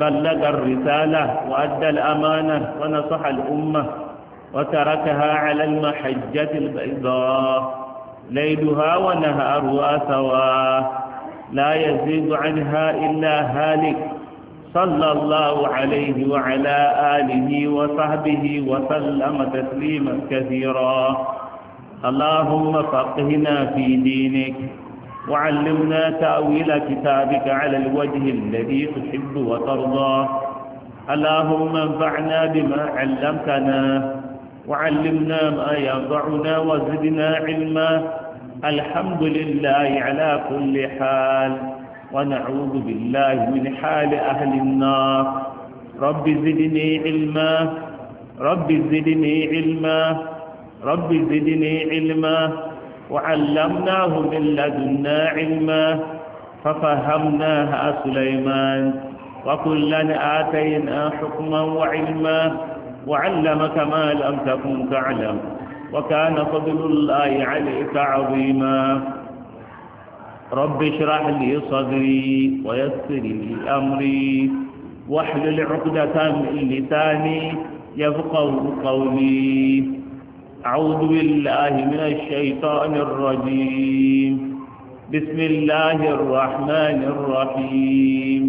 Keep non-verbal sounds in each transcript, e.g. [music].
بلغ الرسالة وأدى الأمانة ونصح الأمة وتركها على المحجة البيضاء ليلها ونهارها سواء لا يزيد عنها إلا هالك صلى الله عليه وعلى آله وصحبه وسلم تسليما كثيرا اللهم فقهنا في دينك وعلمنا تأويل كتابك على الوجه الذي تحب وترضى اللهم انفعنا بما علمتنا وعلمنا ما ينفعنا وزدنا علما الحمد لله على كل حال ونعوذ بالله من حال أهل النار رب زدني علما رب زدني علما رب زدني علما وعلمناه من لدنا علما ففهمناها سليمان وكلا آتينا حكما وعلما وعلمك ما لم تكن تعلم وكان فضل الله عليك عظيما رب اشرح لي صدري ويسر لي أمري واحلل عقدة من لساني يفقه قولي أعوذ بالله من الشيطان الرجيم بسم الله الرحمن الرحيم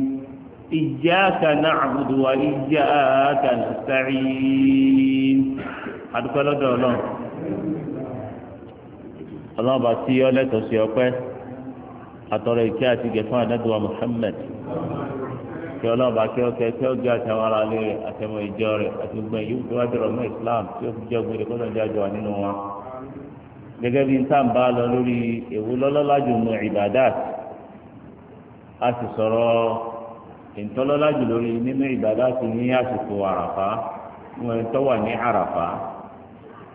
إياك نعبد وإياك نستعين أدخل الله ọlọ́run bá tí ọ lẹ́tọ̀ọ́ sí ọpẹ́ àtọ̀rọ̀ ìkẹ́ àti kí ọlọ́ọ̀bá kí ọkẹ kí ọjọ́ àtàwọn ará lé rẹ̀ àtẹmọ ìjọ rẹ̀ àti Islam tí ó fi jẹ́ ògbóni kó wà nínú wọn. gẹgẹ bí nta ń bá lọ lórí èwo lọ́lọ́lájú nu ìbàdàt a sì sọ̀rọ̀ ìtọ́lọ́lájú lórí nínú ìbàdàt ní àsìkò wọn wà ní àràfá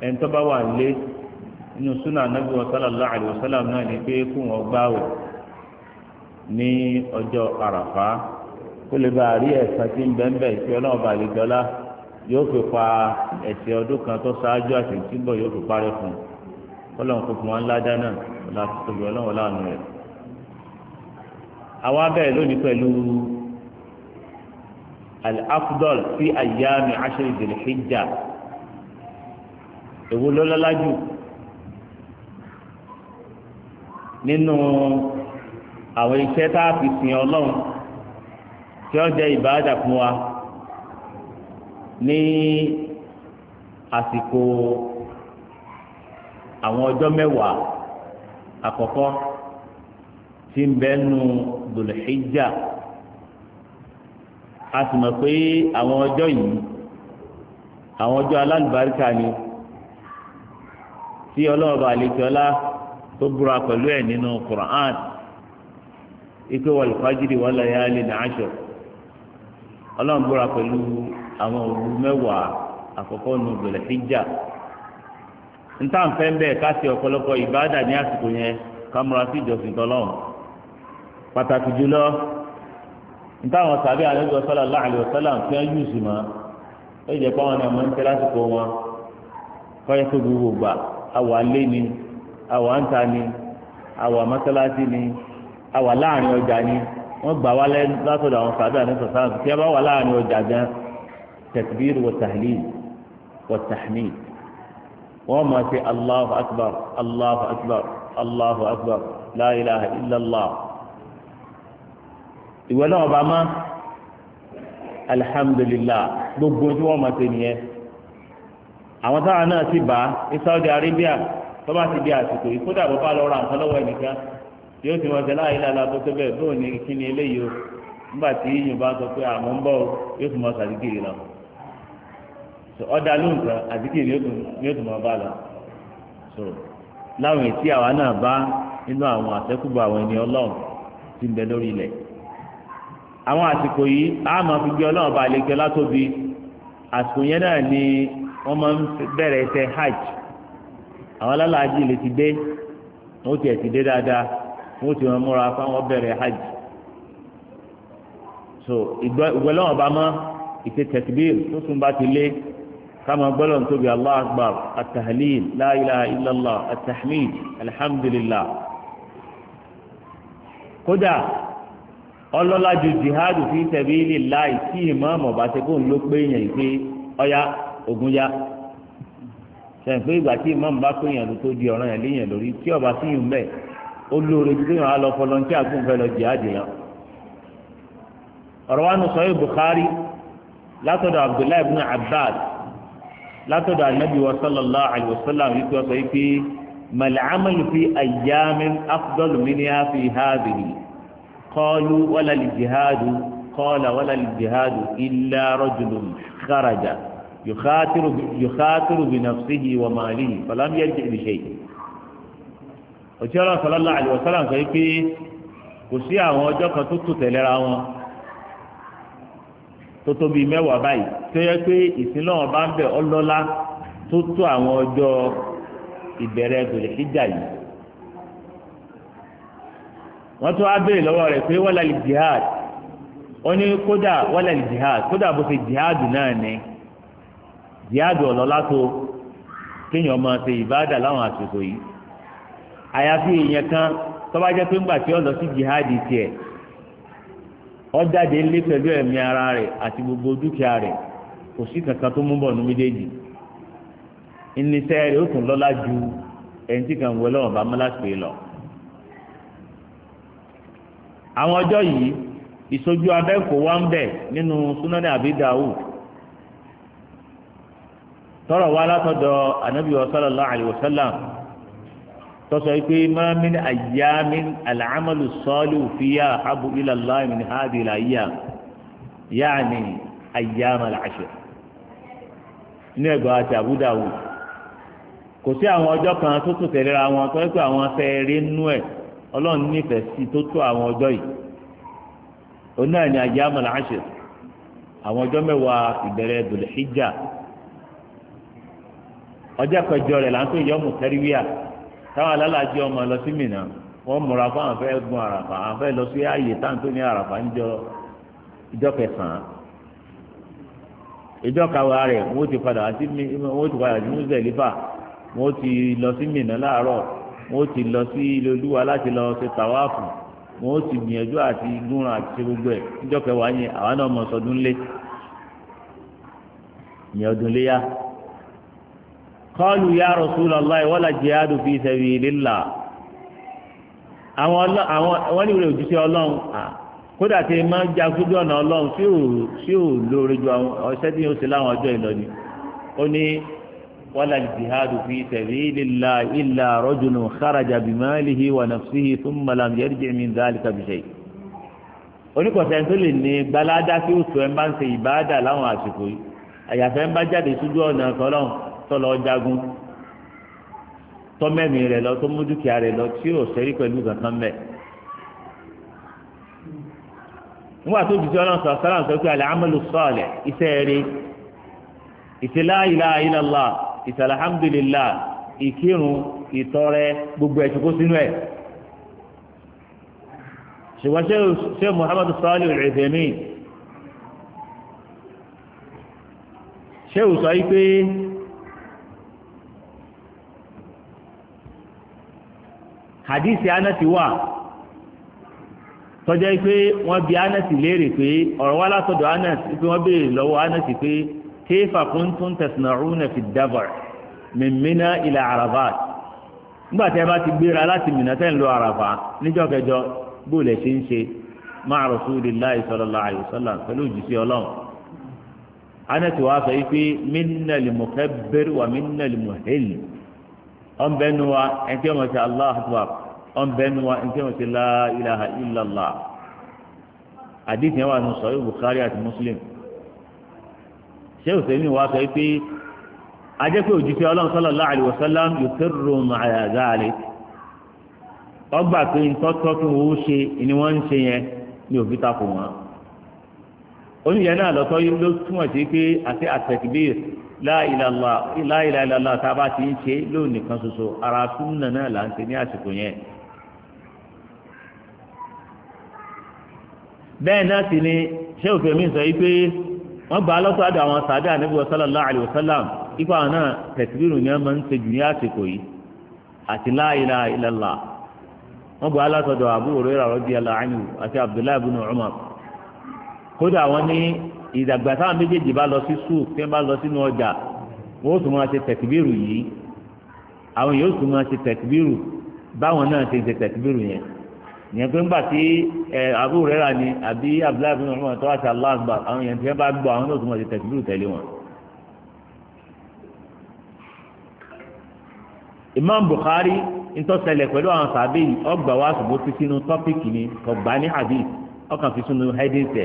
ẹni bá wà lé kó lè bá a rí ẹ̀sán tí ń bẹ́ńbẹ́ ìfẹ́ ọlọ́run bá lè dọ́lá yóò fi pa ẹ̀ṣẹ̀ ọdún kan tó ṣáájú àti ìtúbọ̀ yóò fi parẹ́ fún un kọ́lọ́n kó fún wọn ńlá dáná láti tóbi ọlọ́run láàánú rẹ̀. àwa bẹ̀rẹ̀ lónìí pẹ̀lú al-afdal fi ayyami ashri dhil-hijja èwo ló lọ́lá jù nínú àwọn iṣẹ́ tá a fi sìn ọlọ́run tí ó jẹ́ ìbáradà fún wa ní àsìkò àwọn ọjọ́ mẹ́wàá àkọ́kọ́ tí ń bẹ nu dòlùhíjà a sì mọ̀ pé àwọn ọjọ́ yìí àwọn ọjọ́ alálùbáríkà ni tí ọlọ́ọ̀bà àlejòọ́lá tó búra pẹ̀lú ẹ̀ nínú Qur'an ike wal fajri wal layali al ọlọ́run pẹ̀lú àwọn òru mẹ́wàá àkọ́kọ́ nu gbèlè fíjà ntànfẹ́ ń bẹ̀ ọ̀pọ̀lọpọ̀ ìbáàdà ní àsìkò yẹn ká sí ìjọsìn pàtàkì jùlọ ntàwọn àlejò ń fi yú ó ń tẹ́ lásìkò wọn kọ́yẹ́ tó gbogbo gbà àwọ̀ ni. wọ́n gbà wá látọ̀dọ̀ àwọn sàbẹ̀ àníṣọ sáàmù tí a bá wà láàrin ọjà gan tẹ̀síbírù wọ tàhlíl wọ tàhmíd wọ́n máa ṣe Allahu akbar Allahu akbar Allahu akbar la ilaha illallah ìwé náà bá má alhamdulillah gbogbo tí wọ́n máa ṣe nìyẹn àwọn táwọn náà sì bá ní Saudi Arabia tó bá ti di àsìkò yìí bó bá lọ ra nǹkan lọ́wọ́ ẹnìkan. tí ó wọn tẹlẹ àyè lálẹ́ àtọ́tọ́ bẹ́ẹ̀ bóun ni kí ni eléyìí o nígbà tí yìnyín bá sọ pé àwọn ń bọ̀ yóò tún mọ sàdíkìrì lọ ọ̀dà lóhùn àdíkìrì yóò tún mọ bá lọ láwọn ètí àwa náà bá nínú àwọn ti ń bẹ lórí àwọn àsìkò a máa fi gbé ọlọ́run bá lè gbé látóbi àsìkò yẹn náà ni wọ́n máa ń bẹ̀rẹ̀ hajj àwọn alálàájì lè ti dé ti dé wọ́n ti wọn múra fáwọn bẹ̀rẹ̀ hajj so ìgbẹ́lọ́wọ̀n bá mọ́ ìṣe tẹ̀síbíl tó tún bá ti lé kama gbọ́dọ̀ tóbi allah akbar atahlil la ilaha illallah atahmid alhamdulillah kódà ọlọ́lá ju jihadu fi sabilillah tí ìmọ̀ọ́mọ̀ bá ti kóun ló pé yẹn pé ọya ogun ya sẹ́yìn pé ìgbà tí ìmọ̀ọ́mọ̀ bá pé yẹn ló tó di ọ̀ràn yẹn léyìn lórí tí ọba síyùn bẹ́ẹ̀ olóore tí yàn á lọ fọlọ́ntì àkúnfẹ́ lọ jihadi lọ. ọ̀rọ̀ wa nù sọ́yìn Bukhari látọ̀dọ̀ Abdullahi ibn Abbas látọ̀dọ̀ anabi wa sallallahu alayhi wa sallam yìí tó sọ pé mal'amal fi ayyamin afdalu minha fi hadhihi qalu wala al-jihadu qala wala al-jihadu illa rajulun kharaja yukhatiru bi nafsihi wa malihi falam yarji' bi shay' òtí ọlọ́run sọlọ́lá àlùwọ̀sọ́lá ń sọ yìí pé kò sí àwọn ọjọ́ kan tó tò tẹ̀lera wọn tó tóbi mẹ́wàá báyìí tó yẹ pé ìsìn náà bá ń bẹ̀ ọlọ́lá tó tó àwọn ọjọ́ ìbẹ̀rẹ̀ gbèrè ìjà yìí wọ́n tún á béèrè lọ́wọ́ rẹ̀ pé wọ́n lálẹ́ jihad ó ní kódà wọ́n lálẹ́ jihad kódà bó ṣe jihad náà ni jihad ọ̀lọ́lá tó kéèyàn máa ṣe ìbáàdà láwọn àsìkò yìí àyàfi èèyàn kan tó bá jẹ́ pé ńgbà tí ó lọ sí jihadi tiẹ̀ ó jáde ńlé pẹ̀lú ẹ̀mí ara rẹ̀ àti gbogbo dúkìá rẹ̀ kò sí kankan tó mú bọ̀ ní méjèèjì ìníṣẹ́ rẹ̀ ó tún lọ́lá ju ẹni tí kan wọlé ọ̀bá mọ́láṣpé lọ. àwọn ọjọ́ yìí ìṣojú abẹ́kọ̀ọ́ wa ń bẹ̀ nínú súnádà àbí dawud tọrọ wa látọ̀dọ̀ anabi wa sallallahu alayhi wa tọ́sọ pé mọ́mí àyàmí àlàámọ́lù sọ́ọ́lù fìyà abu ilàlá min hadi làyà yaani àyàmà làṣẹ. ní ẹ̀gbọ́n àti Abu Dawud kò sí àwọn ọjọ́ kan tó tó tẹ̀lé ra wọn tọ́jú pé àwọn afẹ́rẹ́ nú ẹ̀ ọlọ́run nífẹ̀ẹ́ sí tó tó àwọn ọjọ́ yìí òun náà ni àyàmà àwọn ọjọ́ mẹ́wàá ìbẹ̀rẹ̀ Dhul Hijja ọjọ́ kẹjọ rẹ̀ là ń pè yọmù táwọn alálàájẹ ọmọ lọ sí mìíràn wọ́n múra fún àwọn fẹ́ gun àràfà àwọn fẹ́ lọ sí ààyè táǹtó ní àràfà níjọ ìjọ kẹsàn-án ìjọ kàwá rẹ̀ wọ́n ti padà sí wọ́n ti padà sí mùsùlùmí wọ́n ti lọ sí mìíràn láàárọ̀ wọ́n ti lọ sí ilé olúwa láti lọ ṣe tàwáàfù wọ́n ti gbìyànjú àti gúnra àti ṣe gbogbo ẹ̀ níjọ kẹwàá yẹn àwọn náà sọdún lé ìyẹn ọdún léyà kọ́ọ̀lù ya Rasulullah wala jihadu fi sabilillah àwọn wọ́n ní ìwé òjúṣe ọlọ́run kódà tí ma ń ja sójú ọ̀nà ọlọ́run tí ò lóore ju ọ̀sẹ́ tí yóò ṣe láwọn ọjọ́ ìlọ́ni ó ní wala jihadu fi sabilillah illa rajulun kharaja bimalihi wa nafsihi thumma lam yarji' min dhalika bi shay' oníkọ̀sẹ̀ tó lè ní gbalada tí ó sọ ẹ̀ ń bá ń ṣe ìbáàdà láwọn àsìkò yìí àyàfẹ́ ń bá jáde sójú ọ̀nà ọlọ́run tó lọ jagun tó mẹ́mí rẹ̀ lọ tó mú dúkìá rẹ̀ lọ tí yóò sẹ́rí pẹ̀lú kankan mẹ́. nígbà tó ti sọ́nà sọ sọ́nà sọ pé àlẹ́ amẹ́lú sọ́ọ̀lẹ̀ iṣẹ́ rẹ̀ ìṣẹ̀lá ìlà ìlàlá ìṣàlàhàmdùlélà ìkírun ìtọrẹ gbogbo ẹ̀ tó kó sínú ẹ̀ ṣùgbọ́n ṣé muhammadu sọ́ọ́lì rẹ̀ ṣé ò sọ yìí pé hadisi anati wà tọ́jẹ́ pé wọ́n bi anati léèrè pé ọ̀rọ̀ wá látọ̀dọ̀ anati pé wọ́n béèrè lọ́wọ́ anati pé kéfà kuntum tasna'una fi dabar min mina ila arafat nígbà tí a bá ti gbéra láti Mina tẹ́ ń lọ àràfà níjọ́ kẹjọ bó lè ṣe ń ṣe máa rasulillahi sallallahu alaihi wasallam pẹ̀lú òjìṣẹ́ ọlọ́run anati wà sọ yìí pé minna limukabbir wa minna limuhil ọ̀nbẹ́nu wa ẹ̀ńtí ọmọ sí allah akbar ọ̀nbẹ́nu wa ẹ̀ńtí ọmọ sí la ilaha illallah àdìsí yẹn wà nù sọ̀rọ̀ bukhari àti muslim ṣé òsèlú wa sọ pé ajẹ́ pé òjìṣẹ́ ọlọ́run sallallahu alaihi wasallam yusirru ma'a dhalik ọgbà pé ntọ́tọ́ kí wọ́n ṣe ni wọ́n ń ṣe yẹn ní òbí takò wọn oníyẹn náà lọ́tọ́ ló túmọ̀ sí pé àti àtẹ̀kíbíyèsí láìláìláìlá tá a bá ti ń ṣe lónìí kan ṣoṣo ara súnmọ́ náà là ń ṣe ní àsìkò yẹn. bẹ́ẹ̀ náà sì ni ṣé òfin mi sọ yìí pé wọ́n gba lọ́sọ̀dọ̀ àwọn sàdé ànábì sallallahu alaihi wasallam ipa náà tẹ̀síbírù ni wọ́n máa ń ṣe jù ní àsìkò yìí àti láìláìláìlá wọ́n gba lọ́sọ̀dọ̀ Abu Hurairah radiyallahu anhu àti Abdullahi ibn Umar kódà wọ́n ní ìdàgbà táwọn méjèèjì bá lọ sí sùúrù tí wọ́n bá lọ sínú ọjà wọ́n ó tún máa ṣe tẹ̀kíbírù yìí àwọn yóò tún máa ṣe tẹ̀kíbírù báwọn náà ṣe ṣe tẹ̀kíbírù yẹn ìyẹn pé ńgbà tí ẹ Abu Hurairah ni àbí abdullahi bin Umar tó wà sí Allahu Akbar àwọn yẹn tí wọ́n bá gbọ́ àwọn náà tún máa ṣe tẹ̀kíbírù tẹ̀lé wọn. Imam Bukhari ntọ́sẹ̀lẹ̀ pẹ̀lú àwọn sàbẹ̀yì ọgbà wa ṣùgbọ́n fi sínú tọ́pìkì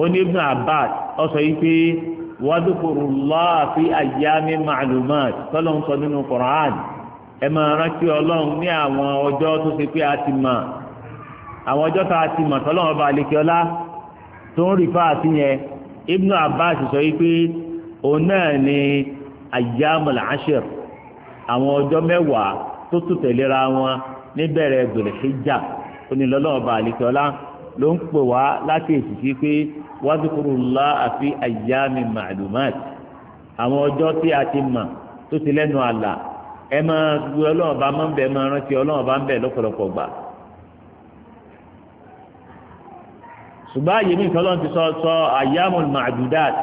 oníbùn abbas ọsọ yìí pé wàdùkùrù lọ́àfi àyàmì màlúmá tọ́lọ́ ń sọ nínú Qur'an ẹ máa rántí ọlọ́run ní àwọn ọjọ́ tó ṣe pé a ti mọ̀ àwọn ọjọ́ tá a ti mọ̀ tọ́lọ́ ọba àlekíọ́lá tó ń rí fáàtì yẹn ibn abbas sọ yìí pé òun náà ni àyàmùl àṣìr àwọn ọjọ́ mẹ́wàá tó tù tẹ̀léra wọn níbẹ̀rẹ̀ Dhul Hijjah onílọ́lọ́ ọba àlekíọ́lá ló ń pè wá láti èsìsí pé wàdúkúrú ńlá àfi àyàmì màlúmáàt àwọn ọjọ́ tí a ti mọ̀ tó ti lẹ́nu àlà ẹ máa gbé ọlọ́run bá máa ń bẹ̀ máa rántí ọlọ́run bá ń bẹ̀ lọ́pọ̀lọpọ̀ gbà. ṣùgbọ́n àyè mi ìfọlọ́run ti sọ sọ àyàmù màdúdàt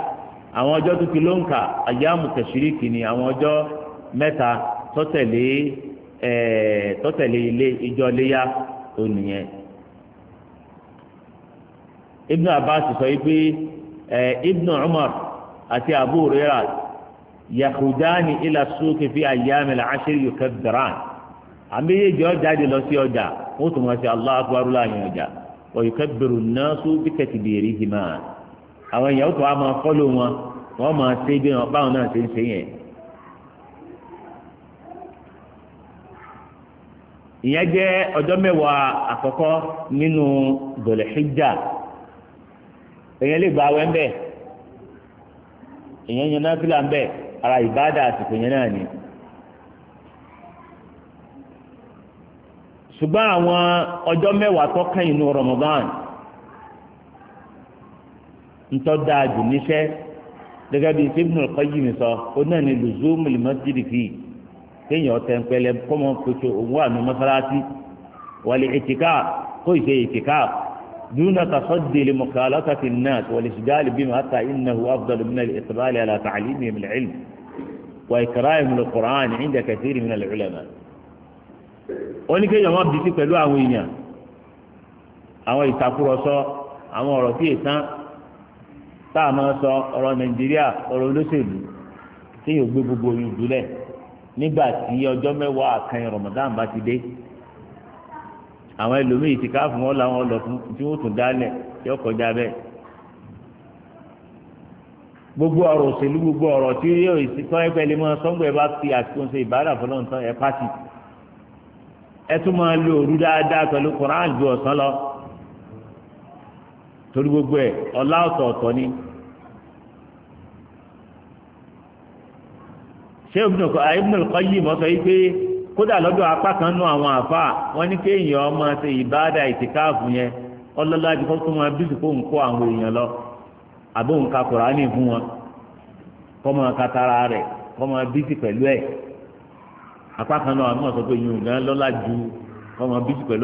àwọn ọjọ́ tó ti ló ń kà àyàmù tẹ̀síríkì àwọn ọjọ́ mẹ́ta tọ́tẹ̀lé ilé ìjọ léyà tó nìyẹn ibn abbas sọ pé ẹ ibn umar àti abu rira yakudani ila suuki fi ayyami al-ashr yukabbiran àmì yé jọ jáde lọ sí ọjà wọ́n tún wọ́n ṣe allah akbar láàyè ọjà wa yukabbiru an-nasu bi takbirihima àwọn èèyàn tó a máa fọ́lọ́ wọn wọ́n máa ṣe bí wọn báwọn náà ṣe ń ṣe yẹn. ìyẹn jẹ́ ọjọ́ mẹ́wàá àkọ́kọ́ nínú Dhul èyàn lè gba awẹ́ ńbẹ èyàn yan náfìlà ńbẹ ara ìbáàdà àsìkò yẹn náà ni. ṣùgbọ́n àwọn ọjọ́ mẹ́wàá tó kàn inú Ramadan ntọ́ dáa jù níṣẹ́ gẹ́gẹ́ bíi tí Ibnul Qayyim sọ ó náà ní luzumul masjidi fi kéèyàn tẹ̀ ń pẹlẹ kọ́mọ kòtò òun wà ní mọ́sálásí wàlẹ̀ ètìká kó ìṣe ètìká. دون تصدي لمخالطة الناس والإشغال بهم حتى إنه أفضل من الإقبال على تعليمهم العلم وإكرامهم القرآن عند كثير من العلماء wọ́n ní kéèyàn má bìtì pẹ̀lú àwọn èèyàn àwọn ìtàkùrọ̀sọ àwọn ọ̀rọ̀ tí èsán tá a máa sọ ọ̀rọ̀ nàìjíríà ọ̀rọ̀ olóṣèlú kéèyàn gbé gbogbo oyún dúlẹ̀ nígbà tí ọjọ́ mẹ́wàá kan Ramadan bá ti dé àwọn ẹlòmíì ti káàfù wọn làwọn lọ fún tí wọn tún dálẹ̀ yọ kọjá bẹ́ẹ̀ gbogbo ọ̀rọ̀ òṣèlú gbogbo ọ̀rọ̀ tí yóò ìsìnkán ẹgbẹ́ lè máa sọgbọ ẹ bá fi àtúntò ṣe ìbára fọlọ́n tán ẹ pàṣẹ ẹ tún máa lo òru dáadáa pẹ̀lú koran ju ọ̀sán lọ torí gbogbo ẹ ọlá ọ̀tọ̀ọ̀tọ̀ ni. ṣé ibùdókọ̀ ibùdókọ̀ yìí mọ́ sọ yìí pé. kódà lọ́dọ̀ apá kan nú àwọn àfa wọn ní kéèyàn ọmọ ṣe ìbáàdà ìtìkáàfù yẹn ọlọ́lá ti kọ́kọ́ máa bí sùkó ń kó àwọn èèyàn lọ àbó ń ka kùránì fún wọn kọ́ máa ka tara rẹ̀ kọ́ máa bí sí pẹ̀lú ẹ̀ apá kan àwọn ọ̀sọ́ pé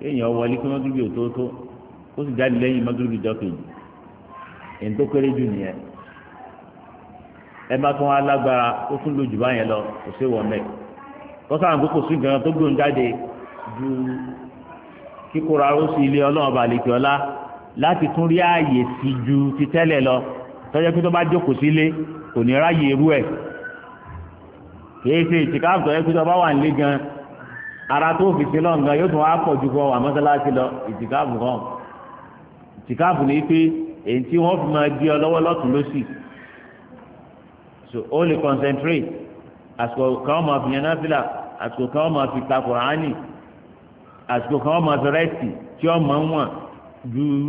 kéèyàn wọlé kí mọ́tòrúbì òtótó kó sì jáde lẹ́yìn mọ́tòrúbì jọ́kejì èyí tó kéré jù nìyẹn ẹ bá tún wá lágbára ó tún lójú báyẹn lọ kò sí wọ̀ mẹ́ kọ́sà àwọn kókò sí gan tó gbóhùn jáde ju kíkóra ó sí ilé ọlọ́run balẹ̀kẹ́ ọlá láti tún rí ààyè sí ju ti tẹ́lẹ̀ lọ tọ́jọ́ pé tó bá jókòó sílé kò ní ráyè irú ẹ̀ kèé ìtìkáàbù tọ́jọ́ pé tó bá wà nílé gan-an ara tó fi sí lọ́nà yóò tún wá pọ̀ ju kọ́ wà mọ́sálásí lọ ìtìkáàbù hàn ìtìkáàbù ní pé èyí tí wọ́n fi máa di ọ lọ́wọ́ lọ́tún lọ́sì so ó concentrate àsìkò kan ọmọ fi yẹn náfìlà àsìkò kan ọmọ fi ta kùránì àsìkò kan ọmọ fi rẹ́sì tí ọmọ ń wọ̀n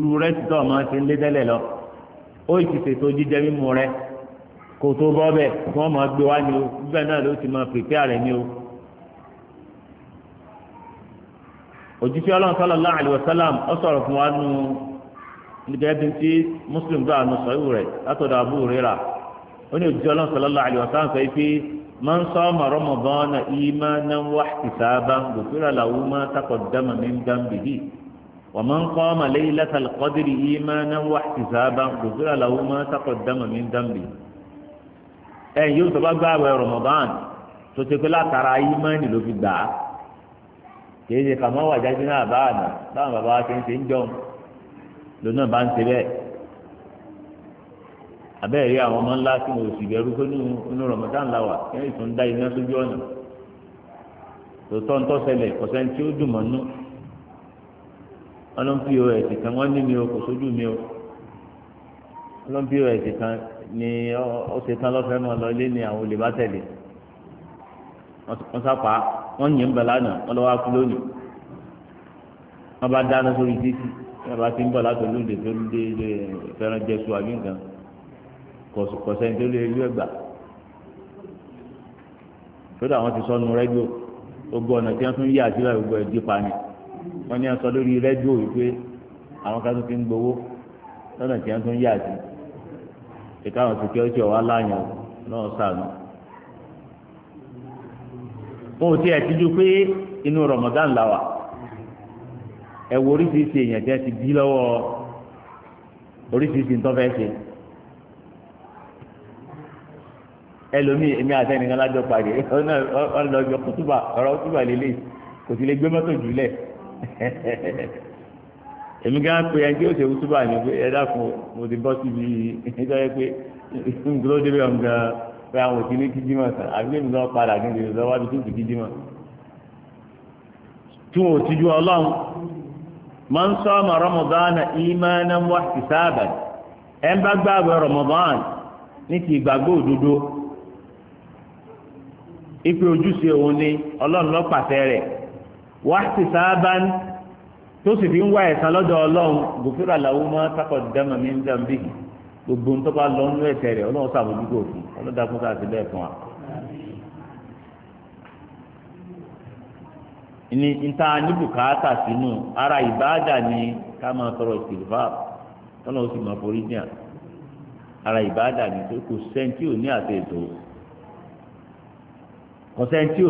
ju rẹ́sì tó ọmọ ti ń lé tẹ́lẹ̀ lọ ó ti ṣètò jíjẹ mímu rẹ kò tó bọ́ bẹ́ẹ̀ kí wọ́n máa gbé wá ní o gbígbẹ́ náà ló ti máa prepare rẹ ní o. òjíṣẹ́ ọlọ́run sallallahu alaihi wasallam ọ sọ̀rọ̀ fún wa nù gẹ́gẹ́ tí muslim gbà nù sọ́yìn rẹ̀ látọ̀dọ̀ Abu Hurairah ó ní òjíṣẹ́ ọlọ́run sallallahu alaihi wasallam sọ pé man sama Ramadana imanan wa ihtisaban ghufira lahu ma taqaddama min dhanbihi wa man qama laylatal qadri imanan wa ihtisaban ghufira lahu ma taqaddama min dhanbihi ẹ̀yin yóò tó bá gbààwẹ̀ Ramadan tó ti pé látara ìmánì ló fi gbà á kìí ṣe kàmọ́ wà jáde náà bá àná báwọn bàbá wa ṣe ń ṣe ń jọun lónà bá ń ṣe bẹ́ẹ̀ abẹ́rẹ́ rí àwọn ọmọ ńlá tí mo sì bẹ̀rù pé nínú rọ̀mọ́tàn la wà kí wọ́n sì ń dá iná sójú ọ̀nà tòótọ́ ń tọ́sẹ̀lẹ̀ ọ̀sẹ̀ tí ó dùn mọ́ nú ọlọ́n kan wọ́n ní mi o kò sójú mi o ọlọ́n pos kan ni ó ṣe lọ́fẹ́ mọ́ lọ ilé ni àwọn olè wọ́n yìn ń bẹ̀ lánàá wọ́n lọ́wọ́ wọ́n bá dáná sórí títì wọ́n bá ń bọ̀ látọ̀ lóde tó lóde lè fẹ́ràn jẹ́sù àbí nǹkan kọ̀sẹ́ni tó ti rẹ́díò gbogbo ọ̀nà tí wọ́n tún yí gbogbo wọ́n ní lórí rẹ́díò wípé àwọn ti ń gbowó lọ́nà tí wọ́n tún wọn ò tí ẹ ti ju pé inú Ramadan la wà ẹ wo oríṣiríṣi èèyàn jẹ́ ti bí lọ́wọ́ oríṣiríṣi nǹkan fẹ́ ṣe ẹlòmíì èmi àtẹnìkan lájọ pàdé ọlọ́jọ́ kútùbà ọ̀rọ̀ kútùbà lélẹ̀ kò sì lè gbé mọ́tò jùlẹ̀ [laughs] èmi gan pe ẹni tí ó ṣe kútùbà ní ẹ dákun mo ti bọ́ síbi nítorí [laughs] pé nǹkan tó débẹ̀ ọ̀hún gan-an. pé àwọn òkè ní kíjímọ̀ sàn àbílẹ̀ mi lọ́ọ́ padà ní ìrìn lọ́wọ́ bí ti kíjímọ̀ tí wọn ti ju ọlọ́run ma ń sọ ọmọ rọmọdánà ìmọ̀ọ́nà wá sí sáàbà ẹ ń bá gbàgbọ́ rọmọdán ní ti ìgbàgbọ́ òdodo ipe ojúṣe òun ni ọlọ́run ló rẹ̀ wá sí sáàbà tó sì fi ń wá ẹ̀san lọ́dọ̀ ọlọ́run máa ń gbogbo ntọ́ lọ nínú ẹ̀tẹ̀ rẹ̀ ọlọ́run sàmójúgbò fún ọlọ́dàkùn sàti bẹ́ẹ̀ fún wa. ní níta ara ìbáàdà ni ká máa tọrọ ìsìlfà ara ìbáàdà ni kò sẹ́ńtì àti ètò kò sẹ́ńtì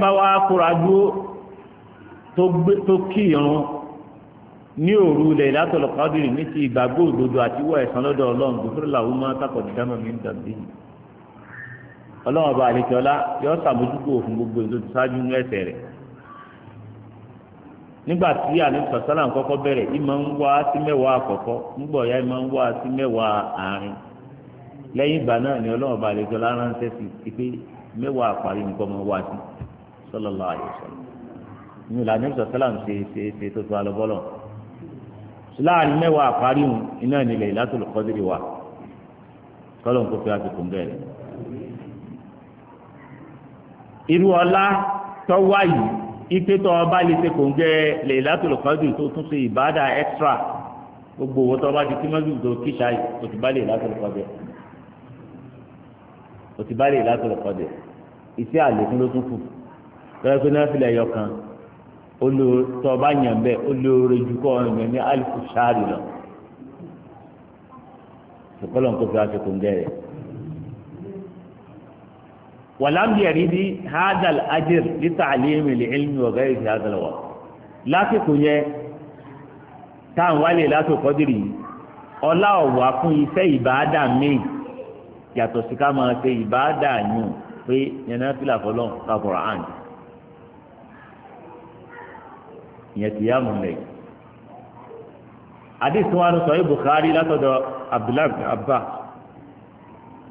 máa tó kí irun ní òru ilẹ̀ ìlàtọ̀lọ̀ kádìrì ní ti ìgbàgbọ́ òdodo àti wọ ẹ̀san lọ́dọ̀ ọlọ́run gbòfúrò làwọn máa tàkọ̀ ní dámọ̀ mi ń dàbí yìí ọlọ́run ọba yọ òfin gbogbo èso ti ṣáájú ní ẹsẹ̀ rẹ̀ nígbà tí àlejò ń kọ́kọ́ bẹ̀rẹ̀ ń wá sí mẹ́wàá àkọ́kọ́ nígbà ọ̀yá ń wá sí mẹ́wàá àárín lẹ́yìn ìgbà náà ni ní ìlànà ìṣọ̀ sálàm ṣe ṣe ṣe tó tó alọ́bọ́lọ̀ láàrin mẹ́wàá àparí hùn iná nílẹ̀ Laylatul Qadri wà kọ́lọ̀ ń kó fi àti kùn bẹ́ẹ̀. irú ọlá tó wá yìí ipe tó ọba lè ṣe kùn jẹ́ Laylatul Qadri tó tún ṣe ìbádà extra gbogbo owó tó ọba ti tìmọ́tì tó kíṣà òtìbá Laylatul Qadri òtìbá Laylatul Qadri iṣẹ́ àlékún ló tún kù tọ́lá náà fi lẹ̀ kan tó bá yàn bẹ́ẹ̀ ó lóore ju kọ́ ọ̀yàn ní alifu sáárì lọ ìkọlọ̀ nǹkan fi aṣọ kò ń gẹ̀rẹ̀. wàlámbi ẹ̀rí bí hadal ajir lítà àlíyémi lè ilmi ọ̀gá ìfi hadal wà lásìkò yẹn táwọn wálé lásìkò dìrì ọlá ọ̀wà fún iṣẹ́ ìbáadà míì yàtọ̀ sí ká máa ṣe ìbáadà yùn pé yẹn náà fìlà fọlọ́ ká Kùránì. ìyẹn ti yá mu lẹ̀. àdìsí wọn sọ Bukhari látọ̀dọ̀ Abdullahi Abba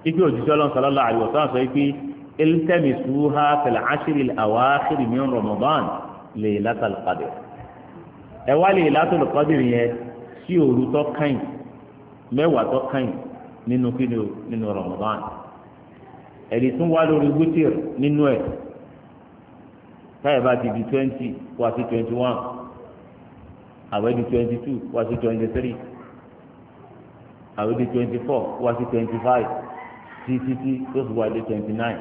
ibi òjijì ọlọ́run sallallahu alaihi wasallam sọ pé iltamisuha fil ashri al-awakhir min Ramadan Laylatul Qadr ẹ wá Laylatul Qadr yẹn sí òru tó kàn mẹ́wàá tó kàn nínú kí ni nínú Ramadan ẹ̀rí tún wá lórí wítìr nínú ẹ̀ táyà bá ti di twenty wá sí twenty one àwẹ̀ di twenty two wá sí twenty three àwẹ̀ di twenty four wá sí twenty five títí tí tó fi wá di twenty nine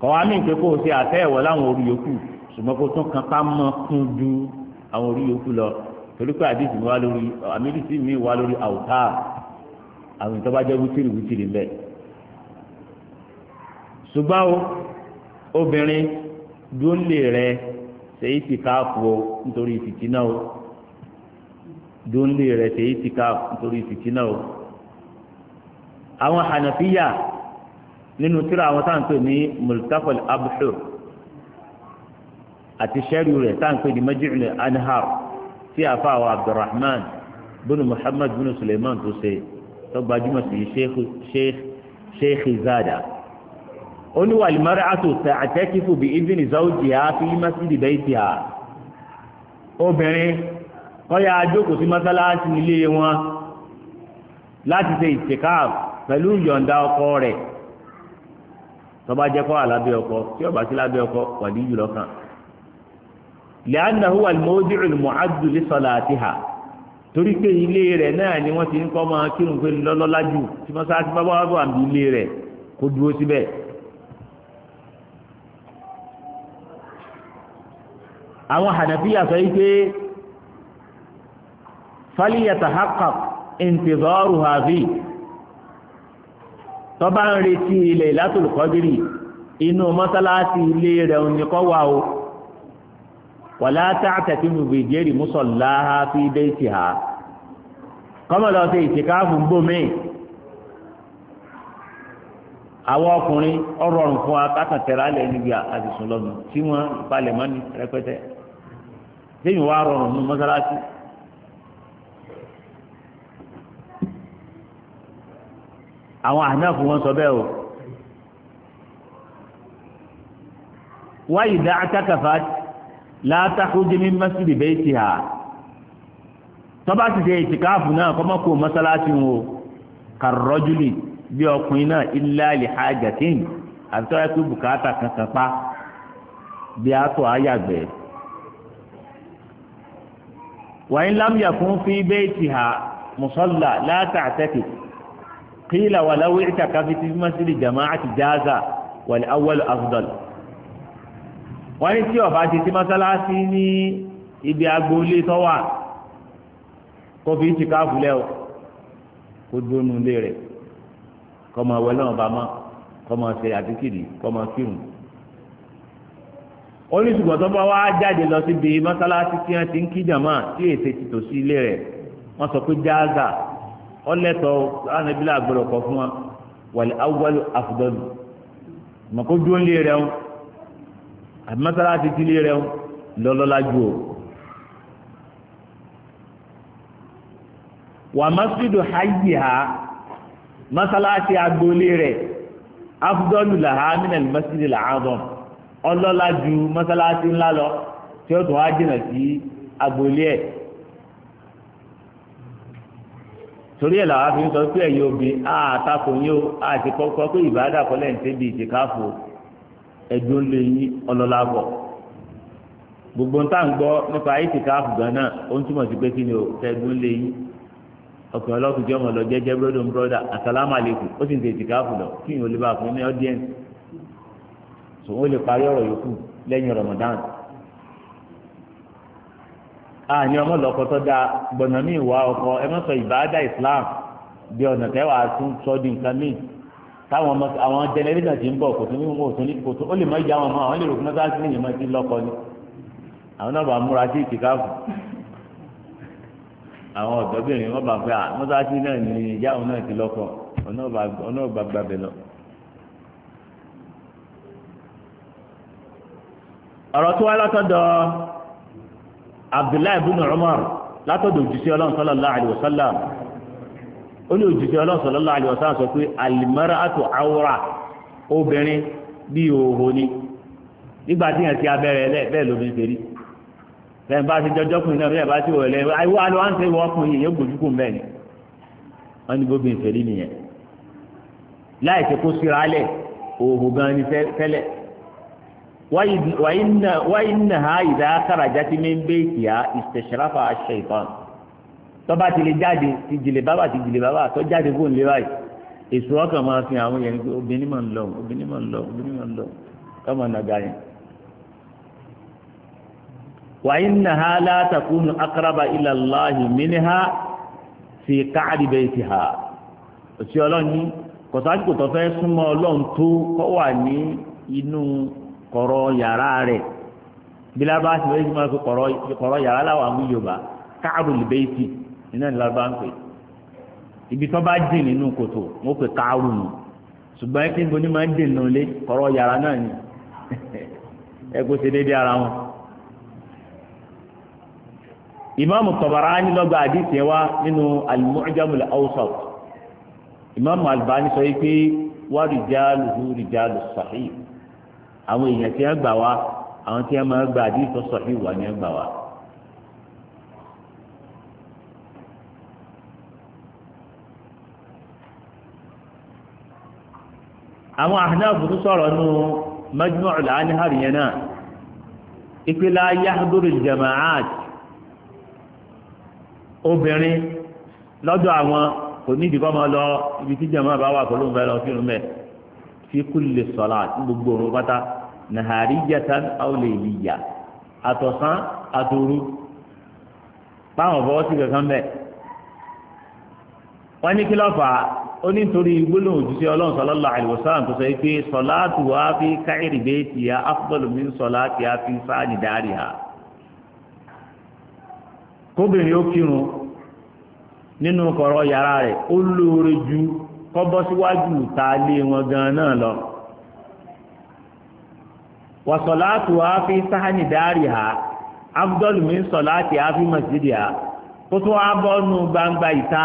kọ́wá mi pé kó o ṣe àtẹ̀wọ̀ láwọn orí yòókù ṣùgbọ́n kó tún kan ká mọ́ kún ju àwọn orí yòókù lọ torí pé àdìsí mi wá lórí àmìlísí mi wá lórí àwùtá àwọn ìtọ́ba jẹ́ wútìrì wútìrì mbẹ́. ṣùgbọ́n o obìnrin dúró lè rẹ ṣe ìtìkáàfù o nítorí ìfìtínà o dúnlé rẹ̀ ṣe ìtìkáàfù nítorí ìfìtínà o. àwọn hànàfíyà nínú tíra àwọn táǹpẹ̀ ní multafal abshur àti sẹ́rù rẹ̀ táǹpẹ̀ ní majid anhar tí àfa àwọn abdulrahman bin muhammad bin suleiman tó ṣe tó gbajúmọ̀ sí sheikh zada oníwàlìmọ́rẹ́ àtòsẹ̀ àtẹ́kífò bí ibn zawji ha fi masidi baiti ha obìnrin wọ́n yà àjókòó sí mọ́sálásí ilé wọn láti ṣe ìtìkáf pẹ̀lú ìyọ̀ǹda ọkọ rẹ̀ tọ́ba jẹ́ kọ́ àlábẹ́ ọkọ tí ọba sí lábẹ́ ọkọ wàdí jùlọ kan lẹ́ánàhùn àlùmọ́ọ́dì ìlùmọ̀ àdùlé sọ̀lá àti hà torí pé ilé rẹ̀ náà ni wọ́n ti ń kọ́ máa kírun pé lọ́lọ́lájú tí mọ́sálásí bábá wà bọ̀ àbí ilé rẹ̀ kó dúró síbẹ̀. àwọn hànàfíà sọ wípé falyatahaqqaq intidharuha fi tó bá ń retí Laylatul Qadri inú mọ́sálásí ilé rẹ̀ ònyìnkọ́ wà o wala ta'tatimu bi ghayri musallaha fi baytiha kọ́mọ̀lọ́sẹ̀ ìtìkáfù ń bò mẹ́ẹ̀ àwọn ọkùnrin ọ̀rọ̀ ọrùn fún wa kákan tẹra lẹ níbi àdìsùn lọnà tí wọn balẹ̀ mọ́ ní rẹpẹtẹ lẹ́yìn wa rọrùn nínú mọ́sálásí. àwọn àhànáfù wọn sọ bẹ́ẹ̀ o wáyé dá atákàfà látàkùjẹ ní mẹsìlì bẹ́ẹ̀ ti hà tọ́ba ti ṣe ìtìkáàfù náà kọ́mọ́kù mọ́sálásí o kàrọ́júlì. bí ọkùnrin náà ilá lè ha jàtín àti tọ́lá pé bùkátà kankan pa bí a tọ́ ayàgbẹ́. wàá ń lámìyà fún fi bẹ́ẹ̀tì ha mùsọ́là látàtẹ́kì kílà wà láwé ìtàkà fi ti mọ́sílì jama'a ti jáza wà ní awọ́lù afdal. wọ́n ní tí ti ti mọ́sálásí ní ibi agboolé tọ́wà kó fi ìtìkáfù lẹ́wọ̀ kó dónú lé rẹ̀ kọ́mọ wẹlé wọn bá mọ́ kọ́mọ ṣe àdìkìrì kọ́mọ kírun. oníṣùgbọ́n tó bá wá jáde lọ síbi mọ́sálásí tí wọ́n ti ń kíjàmá tí èsè ti tò sí ilé rẹ̀ wọ́n sọ pé jáàzà ọlẹ́tọ̀ ánàbílà àgbọ̀dọ̀ kọ fún wa wàlẹ̀ awọ́lù àfùdọ́lù mọ̀kó dúró lé rẹ̀ wọn àbí mọ́sálásí ti lé rẹ̀ wọn lọ́lọ́lá ju o. wà masjidu hayyiha mọ́sálásí agboolé rẹ̀ afdọ́lù làhámínà mọ́sílẹ̀ làhádọ́m ọlọ́lá ju mọ́sálásí ńlá lọ tí o tún wá jìnà sí agboolé ẹ̀ torí ẹ̀ làwọn afi ń sọ pé ẹ̀yin àtakò yín àti kọ́kọ́ pé ìbáradà kọ́lẹ̀ ń tẹ́bi ìtìkáfò ẹ̀dùn lè yín ọlọ́lá bọ̀ gbogbo ń gbọ́ nípa ìtìkáfò gan ó ń túmọ̀ o tẹ̀dùn lè ọkùnrin ọlọ́kùnrin tí ọmọ lọ jẹ́jẹ́ brodo n broda asalaamualeykum ó sì ń tètè káàfù lọ kí n ò lè bá a fún ní ọ́díẹ̀nsì so wọ́n lè parí ọ̀rọ̀ yòókù lẹ́yìn Ramadan àní ọmọ lọkọ tó da gbọ̀nà míì wá ọkọ ẹ má sọ ìbáadà Islam bí ọ̀nà tẹ́wàá tún sọ́ di nǹkan míì táwọn ọmọ àwọn jẹnẹrẹ́tà ti ń bọ̀ kò tún ní kò tún ní kò tún ó lè má yá wọn mọ́ àwọn lè rò fún mọ́sáàsì nìyẹn má ti lọ́kọ ni àwọn náà bá múra sí ìtìkáàfù àwọn ọ̀dọ́bìnrin wọn bá fẹ́ à mọ́sáàsì náà ní ìyá òun náà ti lọ́kọ̀ ọ̀nà ọ̀gbà gbàbẹ̀ lọ. ọ̀rọ̀ tó wá látọ̀dọ̀ Abdullahi ibn Umar látọ̀dọ̀ òjíṣẹ́ Ọlọ́run sallallahu ó ní Ọlọ́run sọ pé obìnrin bíi òhò ni nígbà tí yẹn ti abẹ́rẹ́ lẹ́yìn bá ti jọjọ́ kùn náà lẹ́yìn bá ti wọ̀ lẹ́yìn àìwọ́ àlọ́ à ń tẹ́ wọ́n kùn yìí yóò gbójú kùn bẹ́ẹ̀ ni wọ́n ní gbóbi ìfẹ́ nínú yẹn láì ṣe kó síra alẹ̀ òhù gan ni tẹ́lẹ̀ wáyé nà ha ìdá kàràjà ti mi ń bẹ́ ìkìyà ìṣẹ̀ṣẹ̀ráfà aṣọ ìfọ̀n tọ́ba ti lè jáde ti jìlè bábà ti jìlè bábà tọ́ jáde fóun lé báyìí èso ọkàn máa fi àwọn yẹn obìnrin máa ń lọ obìnrin máa ń lọ obìnrin máa ń lọ kọ́mọ nàgà yẹn wa innaha la takunu akraba ila allahi minha fi káàdì baytiha òsì ọlọ́ni kọ̀sáàtì kò tọ́ fẹ́ súnmọ́ ọlọ́run tó kọ́ wà ní inú kọ̀rọ̀ yàrá rẹ̀ bí lábá ti fẹ́ súnmọ́ kọ̀rọ̀ yàrá láwọn àwọn yorùbá káàdùl bayti iná ní lábá ń pè ibi tó bá dì nínú kòtò wọn pè káàdù nù ṣùgbọ́n kí n bo ní máa ń dì nínú ilé kọ̀rọ̀ yàrá náà ni [laughs] ẹ kó ṣe déédéé ara wọn ìmáàmù Tabarani lọ́gbà àdìsí wa nínú al-Mu'jamul Awsat ìmáàmù Albani sọ yìí pé wa rijaluhu rijalus sahih àwọn èèyàn tí wọ́n gbà wá àwọn tí wọ́n máa gbà àdìsí sahih wà ní ẹgbà wá. àwọn àhànáfù tó sọ̀rọ̀ nù Majmu' al-Anhar yẹn náà ìpìlẹ̀ jamaat obìnrin lọ́dọ̀ àwọn kò ní ìdíkọ́ máa lọ ibi tí jẹ̀mọ́ bá wà pẹ̀lú ìfẹ́ lọ fírun mẹ́ fi kulli ní gbogbo òun pátá àtọ̀sán àtòru báwọn sí kankan mẹ́ wọ́n ní kí ó ní gbólóhùn ọlọ́run sọ pé fi káyìrì bẹ́ẹ̀ fi kóbìnrin ó kírun nínú kọ̀rọ̀ yàrá rẹ̀ ó lóore ju kọ́bọ́ síwájú ta lé wọn gan náà lọ. wàsọ̀láàtù sáhánì dárì ha abdul mi sọ̀láàtì ha kó tó wá nu gbangba ìta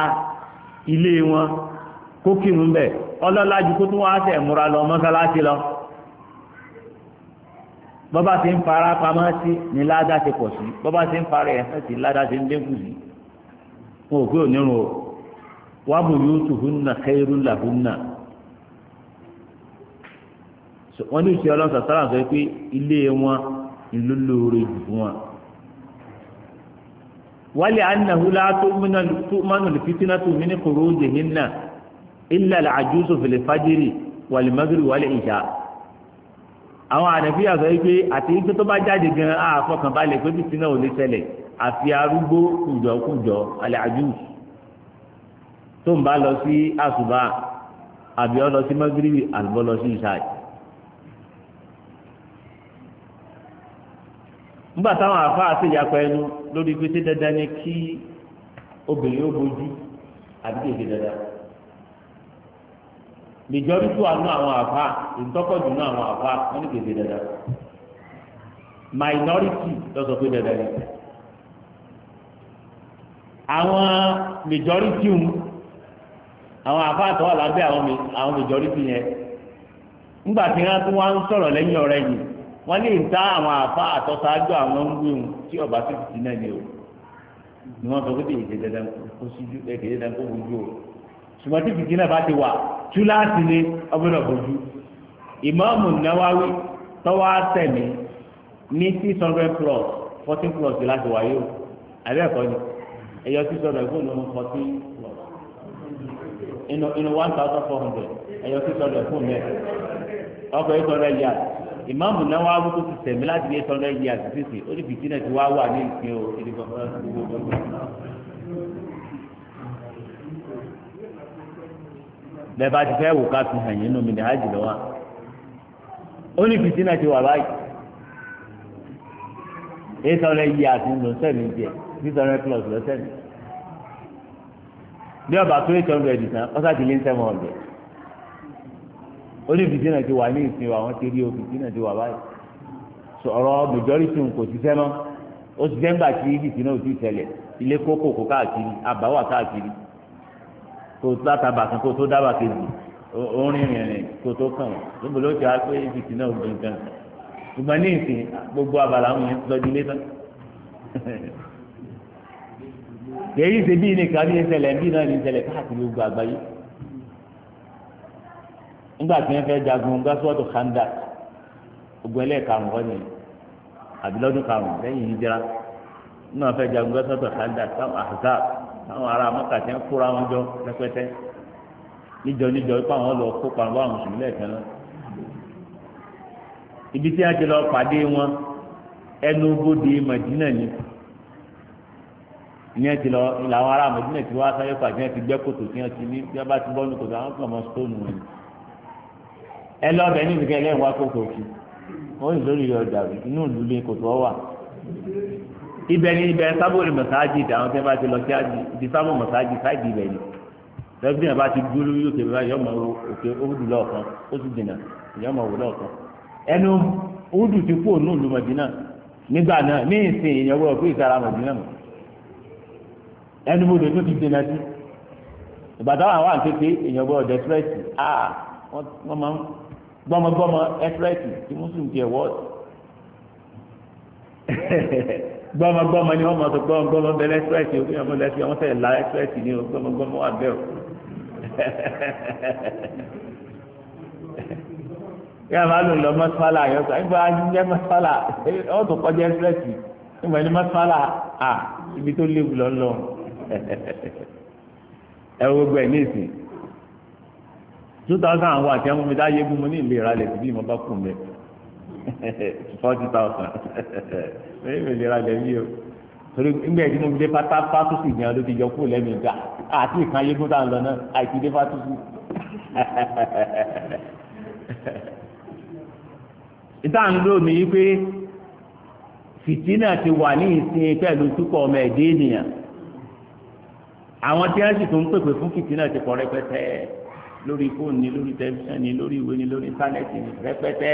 ilé wọn kó kírun bẹ́ẹ̀ ọlọ́lá ju kó tó wá lọ. bọ́bá ti ń fara pamọ́ sí ni ládá ti pọ̀ sí bọ́bá ti ń fara ẹ̀sẹ̀ sí ládá ti ń dínkù sí wọn ò gbé onírun o wàá mú yóòtù húnna kẹ́rù là húnna wọn ní ìṣe ọlọ́sà sára sọ pé ilé wọn ìlú lóore jù fún wọn. wálé anahula tó mánú fitinà tó mí kòrò ó jẹ hinna ilà àjùsọ̀ fèlè fájírì wàlè magírì wàlè ìṣá àwọn ànàfíà sọ wípé àti wípé tó bá jáde gan àfọkànbalẹ̀ pé bìtì náà ò lè ṣẹlẹ̀ àfi arúgbó kùjọkùjọ alẹ́ àjùs tó ń bá lọ sí àṣùbà àbí ọ lọ sí mọ́gírìbì àlùbọ́ lọ sí ìṣáì. nígbà táwọn àfáà sì yapa ẹnu lórí pé dandan ni kí obìnrin ó bojú àbí kèké dandan. majority àánú àwọn àfa ìtọ́kọ̀jù ní àwọn àfa wọn ní kéde dada minority lọ́sọ̀ pé dada ni àwọn majority àwọn àfa lábẹ́ àwọn majority yẹn ńgbà tí wọ́n tún wá ń sọ̀rọ̀ lẹ́yìn ọ̀rẹ́ yìí wọ́n lè ta àwọn àfa àtọ́sáájú àwọn ń tí ọba tó náà ni o ni sọ pé kéde kó kéde kó o. ṣùgbọ́n tí fìtínà bá ti wà túláàsì ni ọgbọ́dọ̀ bójú ìmáàmù náwáwí tọ́wọ́ àtẹ̀mí ní six hundred plus fourteen plus láti wáyé o àbẹ́ ẹ̀kọ́ ni ẹ̀yọ six hundred fún ìlú fourteen plus inú inú one thousand four hundred ẹ̀yọ six hundred fún mẹ́ ọkọ̀ eight hundred yards ìmáàmù náwáwí tó ti tẹ̀mí láti eight hundred yards sísè ó ní fìtínà ti wá wà ní ìpín o ìdìbò fún ọ̀sán gbogbo gbogbo. bẹ́ẹ̀ ti fẹ́ wò ká fi hàn yín nù mí ní hajj lọ́wọ́ ó ní fìtínà ti wà báyìí èyí sọ̀rọ̀ àti mi jẹ plus lọ́sẹ̀ mi ọba tó eight hundred tán ọ̀sà ti lé ní seven hundred ó ní ti wà ní ìsìn àwọn ti rí o ti wà báyìí sọ̀rọ̀ majority kò ṣiṣẹ́ ó tí ò ti ilé kókò káàkiri kó látàbà kan kó tó dábàá kejì orin rìnrìn kó tó kàn níbo ló ti wá pé ìfìtì náà gbìn kan ṣùgbọ́n ní ìsìn gbogbo abala àwọn yẹn lọ́jú ilé tán èyí [laughs] ṣe bí nìkan ní ìṣẹ̀lẹ̀ bí náà ní ìṣẹ̀lẹ̀ káàkiri gbogbo àgbáyé nígbà tí wọ́n fẹ́ jagun gásíwọ́tò Khandak gbogbo ẹlẹ́ẹ̀ka àwọn ni àbí karùn-ún lẹ́yìn ìjìra nígbà jagun gásíwọ́tò Khandak táwọn àṣà àwọn ará maka ń kóra wọn jọ rẹpẹtẹ níjọ níjọ ipá wọn lọ kó pa wọn àwọn sùnmílẹ̀ kan náà ibi tí a ti lọ pàdé wọn ẹnu bodè Mẹdínà ni ìyẹn ti lọ làwọn ará ti wá sáyé pàdé ti gbẹ́ kòtò tí ti ní bí bá ti bọ́nu kòtò àwọn kan mọ stone wọn ni ẹ ní wá kókò kí wọ́n yìí lórí ọjà inú ìlú kòtò ọ wà. ibẹ̀ ni ibẹ̀ sábòlì mọ̀sáájì àwọn tẹ́ bá ti lọ sí àjì ibi sábò mọ̀sáájì sáìdì ibẹ̀ ni lọ́sí ìyàbá ti dúró yóò tẹ̀lé báyìí ọmọ òkè òwúdù lọ́ọ̀kan ó sì dènà ìyọ́mọ̀ òwúdù lọ́ọ̀kan ẹnu òwúdù ti kú òun ìlú Mẹdínà nígbà náà ní ìsìn ìyàwó ọ̀pẹ ìsara Mẹdínà mọ̀ ẹnu mo lè tó ti dènà sí ìbàdàn wà wà kéke ìyàwó ọ̀dẹ fúrẹ́sì áà wọ́n máa ń gbọ́mọgbọ́mọ ẹ fúrẹ́sì tí mùsùlùmí ti ẹ̀ wọ́ọ̀sì. [laughs] gbọmọgbọmọ ni wọn mọ gbọmọgbọmọ bẹ lẹsírẹsì gbọmọ lẹsírẹsì wọn sẹ la lẹsírẹsì ni o gbọmọgbọmọ wà bẹ o máa lò lọ yọ sọ tó kọjá ibi tó léwu ẹ wo gbẹ two thousand and one àti mi dá mu ní ìlera bí mo bá [laughs] forty thousand ẹ̀yìn mi lẹ́yìn o torí nígbà tí mo fi dé ọdụ ọdụ ti yọ kúrò lẹ́mìí gbà àti ìkan yé fún tàǹlọ náà àìsí dé fásitì. [laughs] ìtàǹlò mi yí pé fìtínà ti wà ní ìsìn pẹ̀lú ọmọ ẹ̀dẹ́ ènìyàn àwọn tí wọ́n sì tún ń pèpè fún fìtínà ti pọ̀ rẹpẹtẹ ni lórí tẹlifíṣàn ni lórí ìwé ni lórí íńtánẹ́ẹ̀tì ni rẹpẹtẹ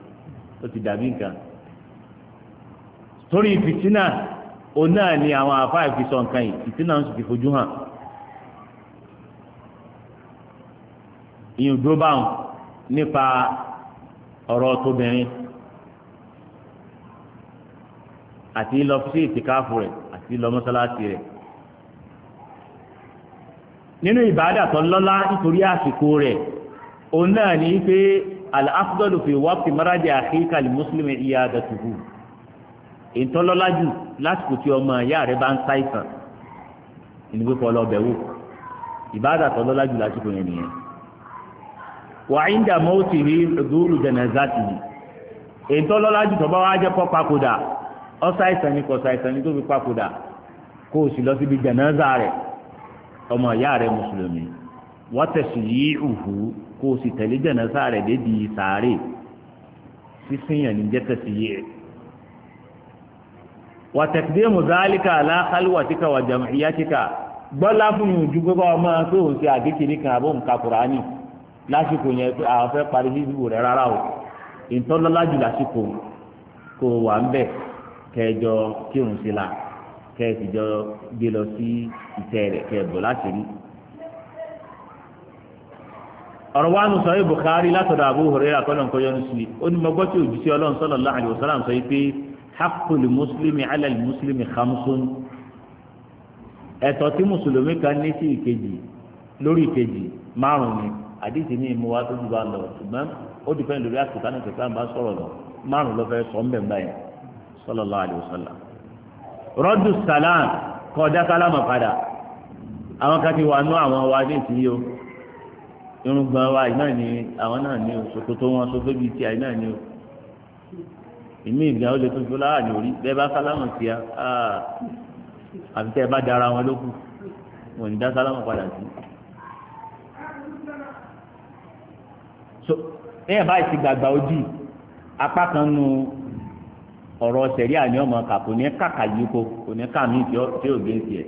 ó ti dàbí nǹkan torí fìtínà òun náà ni àwọn àfáà fi sọ nǹkan yìí fìtínà ń sì fi fojú hàn ìyẹn dúró báwọn nípa ọ̀rọ̀ tóbìnrin àti lọ sí ìtìkáfù rẹ̀ àti lọ mọ́sálásí rẹ̀ nínú ìbádà tó lọ́lá nítorí àsìkò rẹ̀ òun náà pé al-afdalu fi waqti maraji akhika al-muslimi iyadatuhu ìtọ́lọ́lájú lásìkò tí ọmọ ìyá rẹ bá ń ṣàìsàn ìnúgbé kọ́ lọ bẹ̀wò ìbáàdà tọ́lọ́lájú lásìkò yẹn nìyẹn. wa inda mawtihi dúró janazatihi ìtọ́lọ́lájú tó bá wá jẹ́ kọ́ papòdà ó ṣàìsàn ni kò ṣàìsàn ni tó fi papòdà kó o sì lọ síbi janaza rẹ̀ ọmọ ìyá rẹ mùsùlùmí wa tasyi'uhu kó o sì tẹ̀lé jẹ̀nẹ́sà rẹ̀ débi sàárè sísìnyàn ní jẹ́tẹ̀sí yìí wà tẹ̀kídé mùsàlìkà aláhàlùwàtíkà wà jàmìyàtíkà gbọ́lá fún mi ju gbogbo ọmọ pé òun ti àdékiri kan àbọ̀ nǹka kùránì lásìkò yẹn pé àwọn fẹ́ parí híbù rẹ̀ rárá o ìtọ́lọ́lá jù lásìkò kò wà ń bẹ̀ kẹjọ kírun sí la kẹ́ẹ̀sì jọ gbé lọ sí ìtẹ́ rẹ̀ kẹ́ẹ̀bọ̀ láti rí ọ̀rọ̀ wa nù sọ̀rọ̀ Bukhari látọ̀dọ̀ Abu Hurairah àkọ́lọ̀ nǹkan yọnu sí i ó ní mọ́gbọ́n tí òjì sí ọlọ́run sallallahu alaihi wasallam sọ pé haqqul muslimi ala al muslimi khamsun ẹ̀tọ́ tí mùsùlùmí kan ní sí ìkejì lórí ìkejì márùn ni àdìsí ní ìmú wa tó ti bá lọ ṣùgbọ́n ó dìpẹ́ lórí àkùtà ní kẹta bá sọ̀rọ̀ lọ márùn ló irun gbọ́n wa iná ni àwọn náà ní o ṣòkòtò wọn ṣòkòtò bíi ti àìná ni o èmi ìgbà ó lè tó fi láwà ní orí bẹ́ẹ̀ bá sálámù sí a àfi tẹ́ ẹ bá dara wọn lókù wọn ní dá sálámù padà sí. so ẹ̀yìn báyìí ti gbàgbà ojú apá kan nu ọ̀rọ̀ sẹ̀rí àní ọmọ kà kò ní kàkà yìí kò kò ní kà mí tí ò gé tiẹ̀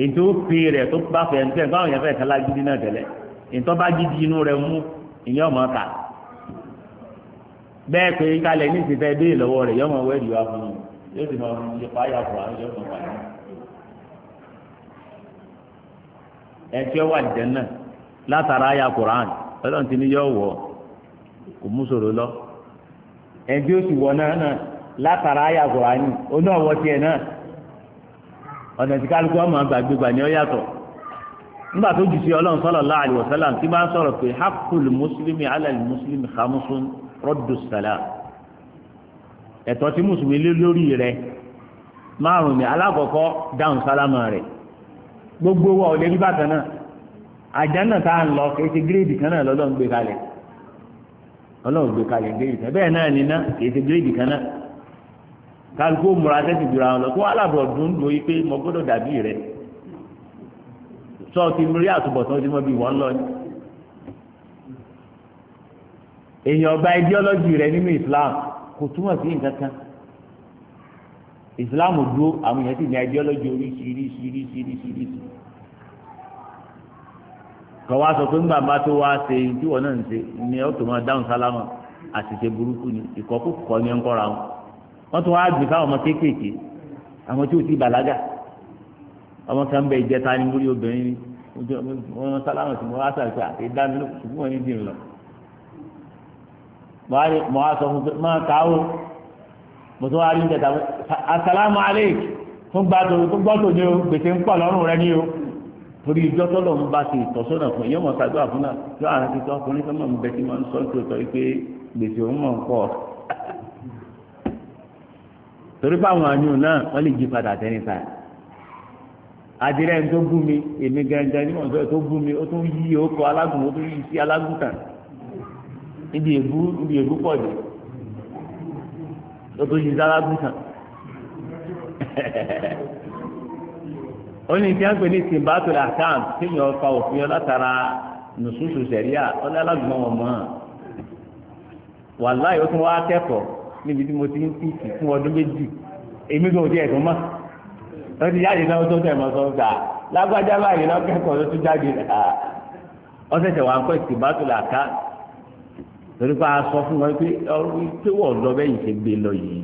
èyí tó fi rẹ̀ tó bá fẹ́ ń tẹ̀ báwọn yẹn fẹ́ kálá gidi náà tẹ́lẹ̀ ìtọ́ bá jíjí inú rẹ̀ mú ìyẹn ọmọ ta bẹ́ẹ̀ pé kálẹ̀ ní ìsìnkẹ́ béèrè lọ́wọ́ rẹ̀ yọmọ wẹ́ẹ̀dì wa fún un yóò sì máa ṣe fáyà fún àwọn yóò fún fàyà. ẹtí ọwọ́ àdìjẹ náà látara ayà Quran Ọlọ́run ti ní yọ wọ kò mú sòrò lọ ẹtí ó sì wọ náà náà látara ayà Quran oní ọwọ́ tiẹ̀ náà ọ̀nà tí kálukú ọmọ àgbàgbégbà ni ó yàtọ̀ nígbà tó jù sí ọlọ́run sallallahu alaihi wasallam tí bá ń sọ̀rọ̀ pé haqqul muslimi ala al muslimi khamsun raddu salam ẹ̀tọ́ tí mùsùlùmí lé lórí rẹ̀ márùn-ún ni alákọ̀ọ́kọ́ dáhùn sálámà rẹ̀ gbogbo wa ò lè rí bákan náà àjánà tá à ń lọ kìí ṣe gírèdì kan náà lọ́lọ́run gbé kalẹ̀ ọlọ́run gbé kalẹ̀ gírèdì kan bẹ́ẹ̀ náà nínà kìí ṣe gírèdì kan náà kálukú múra sẹ́sì jura wọn lọ kó alábọ̀ dundun pé mo gbọ́dọ̀ dàbí rẹ̀ tó o ti rí àtúbọ̀tán ojúmọ́ bíi wọ́n lọ ni. èèyàn ọba ideology rẹ nínú Islam kò túmọ̀ sí nǹkan Islam dúró àwọn èèyàn sì ní ideology oríṣiríṣiríṣiríṣiríṣi kọ wá sọ pé ńgbà bá tó wá ṣe tí wọn náà ń ṣe ni ó tó máa dáhùn sálámà àṣìṣe burúkú ni ìkọkúkọ ni ó ń kọra wọn wọn tún wá gbé fáwọn ọmọ kéékèèké àwọn tí ò ti bàlágà ọmọ kan bẹ ìjẹta ní múrí obìnrin ni wọn sálámù sí mo wá sàrìsà àti ìdánilò ṣùgbọ́n wọn ní dìrì lọ. mo wá sọ fún pé máa kà o mo tún wá rí ìjẹta asàlámù alek fún gbàtò tó gbọ́tò ni o gbèsè ń pọ̀ lọ́rùn rẹ ni o torí ìjọ tó lọ́n bá ti ìtọ́sọ́nà fún yọmọ sàdúrà fún náà yọ àwọn ti sọ ọkùnrin tó mọ̀ bẹ tí wọ́n ń sọ tòótọ́ pé gbèsè òun mọ̀ ń pọ̀ torí báwọn àníyàn náà wọ́n lè jí padà tẹ́ni táyà àdìrẹ́ ń tó bú mi èmi gangan ní mọ̀ sọ́yọ́ tó bú mi ó tún yí ó kọ alágùn ó tún yí sí alágùn kan níbi èbú níbi èbú pọ̀ dé ó tún yí sí alágùn kan [laughs] ó ní ìdí àgbẹ̀ ní tìǹbàtò àkàm kéèyàn fa òfin ọ látara nùsùsù sẹ̀ríà ó ní alágùn náà wọ̀n mọ́ wàláì ó tún wá kẹ́kọ̀ọ́ níbi tí mo ti ń pìtì fún ọdún méjì èmi gan ò dé ẹ̀dùn mọ́ ó ti náà tó tẹ̀ mọ́ lágbájá báyìí náà kẹ́kọ̀ọ́ ló tún jáde náà ó tẹ̀sẹ̀ wà ń kọ́ ìtìbátò làká torí pé sọ fún wọn pé ọrùn tí wọ́n lọ bẹ́ẹ̀ yìí ṣe gbé lọ yìí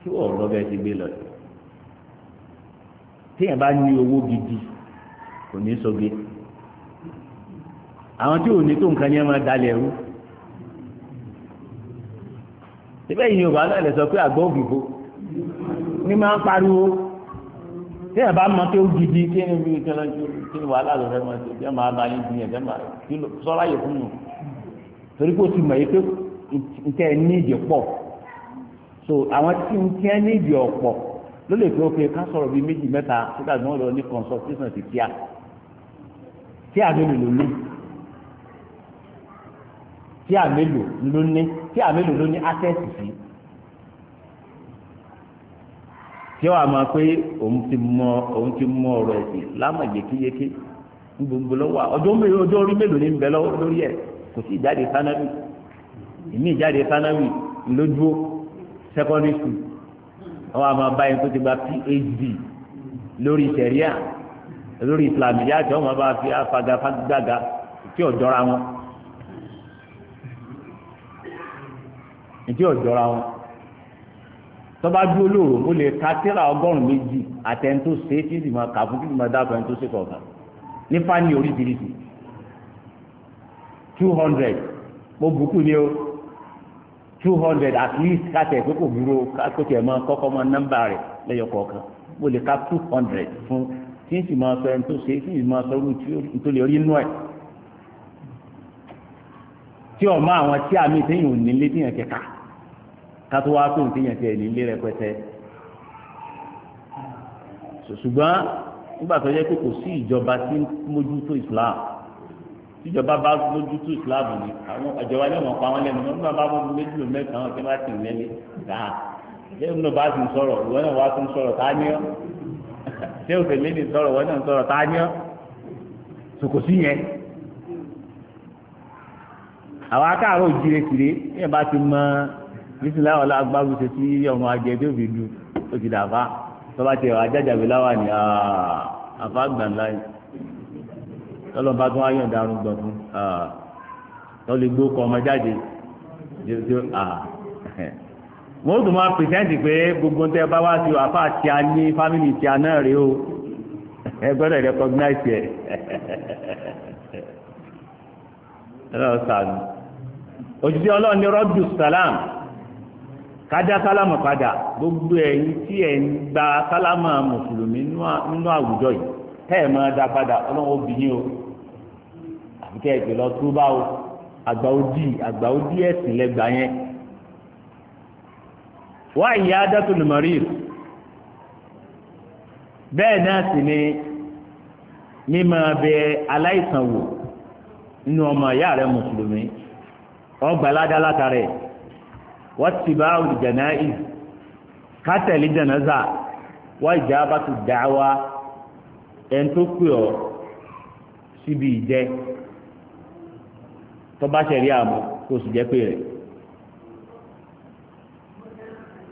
tí wọ́n lọ bẹ́ẹ̀ ṣe gbé lọ yìí téèyàn bá ní owó gidi kò ní sọgbé àwọn tí ò ní tó nǹkan yẹn máa dalẹ̀ rú síbẹ̀ yìí ni ò bá lọ́ọ̀lẹ̀ sọ pé àgbọ̀ òfìfo ní máa ń pariwo tí ẹ bá mọ pé ó gidi kí ni bí kí ni kí ni wàhálà lọ fẹ mọ ṣe kí ẹ máa bá yín gbìyànjẹ máa kí ló sọlá yẹ fún mi torí pé o ti mọ yìí pé nǹkan ẹ ní ìdí pọ̀ so àwọn tí nǹkan ẹ ní ìdí ọ̀pọ̀ ló lè pé ókè ká sọ̀rọ̀ bíi méjì mẹ́ta síta tí wọn lọ ní consultation ti tíà tíà mélòó ló ní tíà mélòó ló ní tíà mélòó ló ní access sí. tí wàá máa pé òun ti mọ òun ti mọ ọ̀rọ̀ ẹ̀sìn lámọ̀ yékéyéké ń gbogbo lọ́wọ́ ọjọ́ mélòó ọjọ́ orí mélòó ní ń bẹ lọ́wọ́ lórí ẹ̀ kò sí ìjáde sanawi ìmí ìjáde sanawi lójú secondary school àwọn àmọ́ báyìí tó ti gba phd lórí sẹ̀ríà lórí islamiyà tí wọ́n bá fi afagafagbága tí ò jọra wọn tí ò jọra wọn tó bá dúró lóòrò mo lè ka tírà ọgọ́rùn-ún méjì àtẹni tó ṣe é tí ìdìmọ kàfún kí ìdìmọ dábàá ẹni tó ṣe kọ̀ọ̀kan ní fani oríṣiríṣi two hundred mo bùkù ni o two hundred at least kàtẹ pé kò dúró kó tiẹ̀ mọ kọ́kọ́ mọ nọ́mbà rẹ̀ lẹ́yọ kọ̀ọ̀kan mo lè ka two hundred fún tí n sì máa sọ ẹni tó ṣe tí n sì máa sọ irú tó lè rí inú ẹ̀ tí ọmọ àwọn tí àmì ìsẹ́yìn ò nílé tí yẹn kẹka kátó wá tó nǹkan yẹn ti ẹ̀ nílé rẹpẹtẹ ṣùgbọ́n nígbà tó yẹ pé kò sí ìjọba tí mójútó Islam tíjọba bá mójútó Islam ni àwọn ìjọba ní wọn pa wọn lẹ́nu wọn nígbà bá wọn méjì ló mẹ́ta wọn kí wọn ti lẹ́nu dáa ṣé ìmúlò bá ti ń sọ̀rọ̀ ìwọ náà wá ti ń sọ̀rọ̀ tá a ní ọ́ [laughs] ṣé òfèlè ní sọ̀rọ̀ ìwọ náà ń sọ̀rọ̀ tá a ní ọ́ sòkòsí yẹn àwọn akáàrọ̀ òjìrè kiri yẹn bá ti mọ nísìnyí láwọn alágbáwí ṣe sí ọmọ ajẹ tó fi du ó ti dàbá tọ́ba tiẹ̀ wá jájàbí láwà ní àfàgbànlá yìí tọ́lọ́ bá tún ayọ̀ darun gbọ̀n fún tọ́ lè gbó kọ́ ọmọ jáde mo dùn máa pèsèǹtì pé gbogbo tẹ bá wá sí wàhálà tí a ní fámìlì tí a náà rí o ẹ gbọ́dọ̀ recognize ẹ ẹ lọ sàánú òjijì ọlọ́run ní sàlám kádá sálámà padà gbogbo ẹ̀yin tí ẹ̀ ń gba sálámà mùsùlùmí nínú àwùjọ yìí tẹ́ ẹ̀ máa dá padà ọlọ́run obìnrin o àbí kẹ́ ẹ̀ pè lọ tó bá o àgbà òdì àgbà òdì ẹ̀sìn lẹ́gbàá yẹn. wá ìyá dátò lùmọ̀rí bẹ́ẹ̀ náà sì ni mímọ bẹ aláìsàn wò nínú ọmọ ìyá rẹ mùsùlùmí ọgbà ládàá látara ẹ̀ watiba'u jana'iz kátẹ̀lé janaza wa ijabatu da'wa ẹni tó pè ọ́ síbi ìjẹ́ tọ́ba ṣẹ̀rí àmọ́ kó o sì jẹ́ pé rẹ̀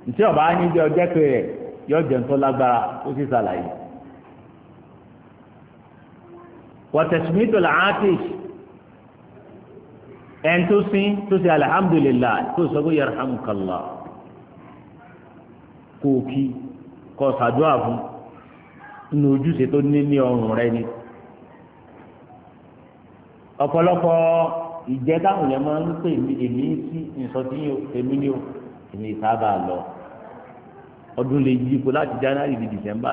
ntí ọba á ní bí ọjọ́ pé rẹ̀ yọ jẹun tó lágbára ó sì ṣàlàyé wọ́tẹ̀sùmítò làátìsì. ẹn tó sin tó sin alihamudulilayi tó sọ pé yarhamukallah kò kí tó ní ní ọrùn ni ọ̀pọ̀lọpọ̀ ìjẹ́ yẹn máa ń pè mí èmi sí èmi ni ó èmi ìsábà lọ ọdún lè yí ipò láti january di december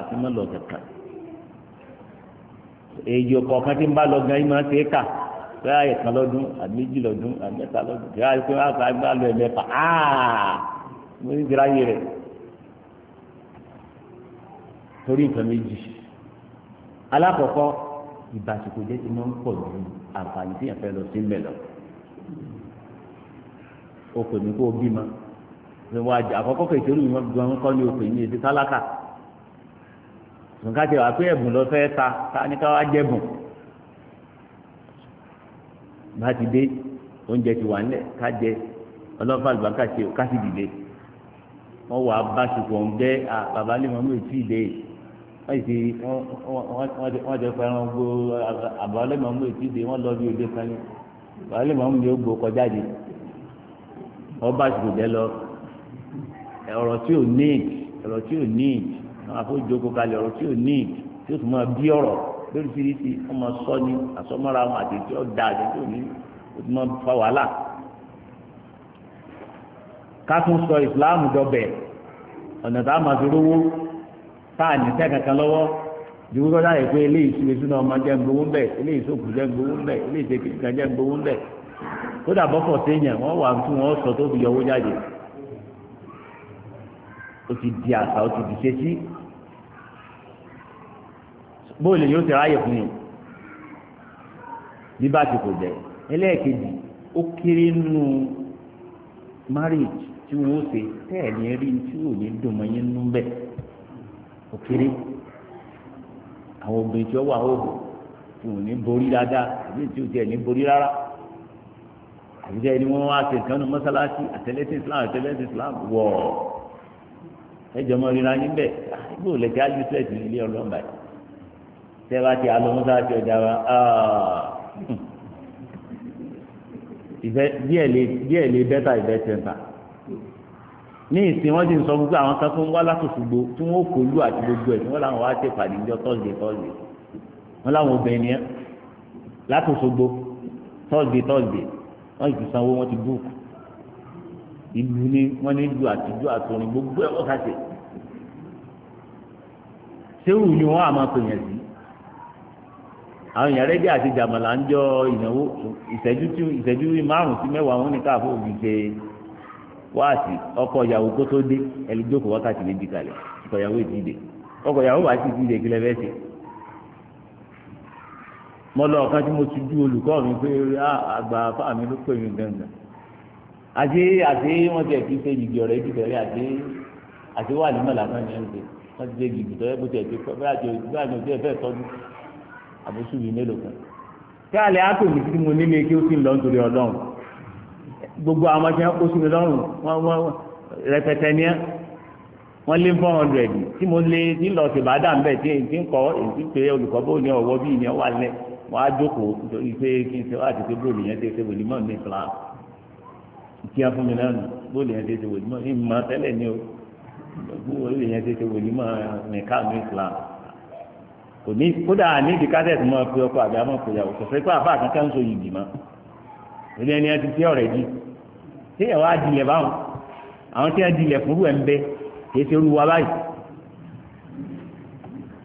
pé ààyè kan lọ́dún àbí méjì lọ́dún àbí mẹ́ta lọ́dún pé ààyè pé wọ́n á gbá lọ ẹ̀mẹ́fà áà mo ní ìdíra yé rẹ̀ torí nǹkan méjì alákọ̀ọ́kọ́ ìbásìkò jẹ́ ti máa ń pọ̀ ju àǹfààní tí yẹn fẹ́ lọ sí mẹ́lọ o pè mí kó o bímọ ìwọ àjẹ àkọ́kọ́ kò ìṣòro mi gan kọ́ ni o pè ní èsì tálákà nǹkan ti wà pé ẹ̀bùn lọ fẹ́ ta ta ní ká wá jẹ́bùn bá ti dé oúnjẹ ti wà nílẹ̀ ká jẹ ọlọ́fà àlùbáká ṣe ká sì dìde wọ́n wà bá ṣùgbọ́n ń bẹ́ bàbá lè mọ́ mọ́ ètí ìdè wọ́n ti wọ́n ti fẹ́ràn gbó àbá lè mọ́ mọ́ ètí ìdè wọ́n lọ bí òde kan ní bàbá lè mọ́ mọ́ mi ó gbó kọjá de wọ́n bá ṣùgbọ́n jẹ́ lọ ọ̀rọ̀ tí ò ní ọ̀rọ̀ tí ò ní àwọn afọ́jọ́ kó kalẹ̀ ọ̀rọ̀ tí ò ní tí ó tún máa bí ọ̀rọ̀ lórí fìrìsì wọn máa sọ ní àsọmọ́ra wọn àtẹ̀tí ọ̀dà àtẹ̀tí òní òtún máa fa wàhálà. ká sọ ìsìláàmù dọbẹ̀ ọ̀nà tá a máa fi rówó tá a ní sẹ́ẹ̀ kankan lọ́wọ́ dùgbò kọ́ta yẹ pé eléyìí sùn èsùn náà máa jẹ́ ń gbowó ń bẹ̀ eléyìí sòkù jẹ́ ń gbowó ń bẹ̀ eléyìí sèkìtì kan jẹ́ ń gbowó ń bẹ̀ kódà bọ́kọ̀ séèyàn wọ́n wà tún wọ́n sọ tó fi yọ owó jáde ó ti di àṣà ó ti di ṣe sí bóòlù yóò ti ráyè fún yìí bí bá ti kò jẹ ẹlẹ́ẹ̀kejì ó kéré nù marriage tí wọn ó ṣe tẹ́ẹ̀lì rí tí ò ní dùn mọ́ yín nú bẹ́ẹ̀ ó kéré àwọn obìnrin tí ó wà hóhò tí ò ní borí dáadáa àbí tí ò tiẹ̀ ní borí rárá àbíjá ẹni wọn wá ṣe nǹkan mọ́sálásí àtẹlẹ́sìn Islam àtẹlẹ́sìn Islam wọ̀ ẹjọ́ mọ́ ríra yín bẹ́ẹ̀ bó lẹ́kẹ́ ájú sílẹ̀ ilé ọlọ́mọba yìí tẹ́lá ti alọ́mọ́sá ti ọjà wa ah. díẹ̀ lè bẹ́tà ìbẹ́ sẹ́ńtà ní ìsìn wọn ti sọ gbogbo àwọn kan fún wa látòṣùgbò tí wọn ò kó lù àti gbogbo ẹ tí wọn làwọn wá ṣe pàdé ìjọ tọ́sídẹ̀ẹ́ tọ́sídẹ̀ẹ́ wọn làwọn obìnrin yẹn látòṣùgbò tọ́sídẹ̀ẹ́ tọ́sídẹ̀ẹ́ wọn ti sanwó wọn ti búùkù ìlú ni wọn ní lu àtijọ́ àtọrin gbogbo ẹ wọn kà ṣe ṣéwù ni wọn àmọ́ pè yẹn sí àwọn èèyàn rẹ́gí àti jàmàlà ń jọ ìnáwó ìṣẹ́jú tí ìṣẹ́jú márùn-ún sí mẹ́wàá wọn ní káàfó òbí ṣe wáàsì ọkọ ìyàwó kó tó dé ẹni jókòó wákàtí méjì kalẹ̀ ọkọ ìyàwó ìdíje ọkọ ìyàwó wàá sì ìdíje kílẹ̀ bẹ́ẹ̀ ṣe. mo lọ ọ̀kan tí mo ti ju olùkọ́ mi pé àgbà afá mi ló pè mí gangan àti àti wọn tiẹ̀ ti ṣe yìgì ọ̀rẹ́ ti tẹ̀lé àti àti wà nímọ̀ làwọn ènìyàn ń ṣe wọ́n ti ṣe yìgì tọ́jú bó tiẹ̀ ti fẹ́ àbúṣù yìí mélòó kan tí àlẹ́ àtò mi tí mo nílé kí ó sì ń lọ nítorí ọlọ́run gbogbo àwọn ọmọ tí wọ́n kó sí mi lọ́rùn wọ́n rẹpẹtẹ ní wọ́n lé four hundred tí mo lé nílọ ṣèbádà ń bẹ̀ tí èyí ń kọ́ èyí pé olùkọ́ bó ní ọ̀wọ́ bí ìyẹn wà lẹ́ wọ́n á jókòó nítorí pé kí n ṣe wá àti pé bóòlù yẹn ti ṣe wòlí mọ́ ní Islam kí á fún mi lẹ́nu bóòlù yẹn ti ṣe wòlí mọ́ ní mọ́ tẹ́lẹ̀ ní o bóòlù yẹn ti ṣe wòlí mọ́ nìkan ní Islam kò ní kódà ní ìdí kásẹ̀tì mọ́ pé ọkọ̀ àbí àmọ́ kò yàwó kọ̀fẹ́ pé àbá kankan ń so yìgì mọ́ ìdí ẹni ẹni tí ọ̀rẹ́ di tí ẹ̀ wá dilẹ̀ báwọn àwọn tí wọ́n dilẹ̀ fúru ẹ̀ ń bẹ kì í ṣe olúwa báyìí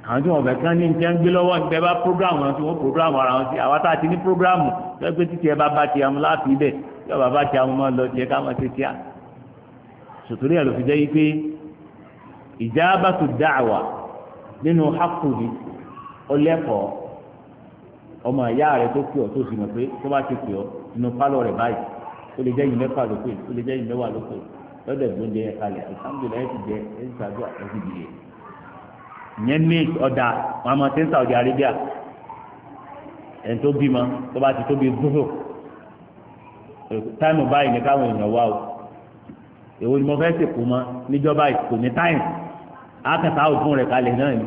àwọn tí wọn bẹ kán ní njẹ́ ń gbé lọ́wọ́ ń bẹ bá prógrámù wọn tí wọ́n prógrámù ara wọn sí àwa tá a ti ní prógrámù lọ́gbẹ́ títí ẹ bá bá ti àwọn láàfin ibẹ̀ yóò bá bá ti àwọn ọmọ lọ tiẹ̀ ká máa ṣe tíà sòtúrí ẹ̀ ló fi jẹ́ yí pé ìjábàtú da'wa nínú hákùnrin ó lẹ́kọ̀ọ́ ọmọ ìyá rẹ tó pè ọ́ tó sì mọ̀ pé tó bá ti pè ọ́ inú pálọ̀ rẹ̀ báyìí ó lè jẹ́ yìí mẹ́fà ló pè ó lè jẹ́ yìí mẹ́wàá ló pè lọ́dọ̀ ìgbó jẹ kalẹ̀ alhamdulilayi ti jẹ ẹ ti sàdúrà ẹ ti dìde ìyẹn ní ọ̀dà wọn a máa ti ń Saudi Arabia ẹ̀ tó bímọ tó bá ti tóbi gbúrò táìmù báyìí ní káwọn èèyàn wá o èwo ni mo fẹ́ sèkú mọ́ níjọba ìkò ní táìmù á kẹta òfin rẹ̀ kalẹ̀ náà ni.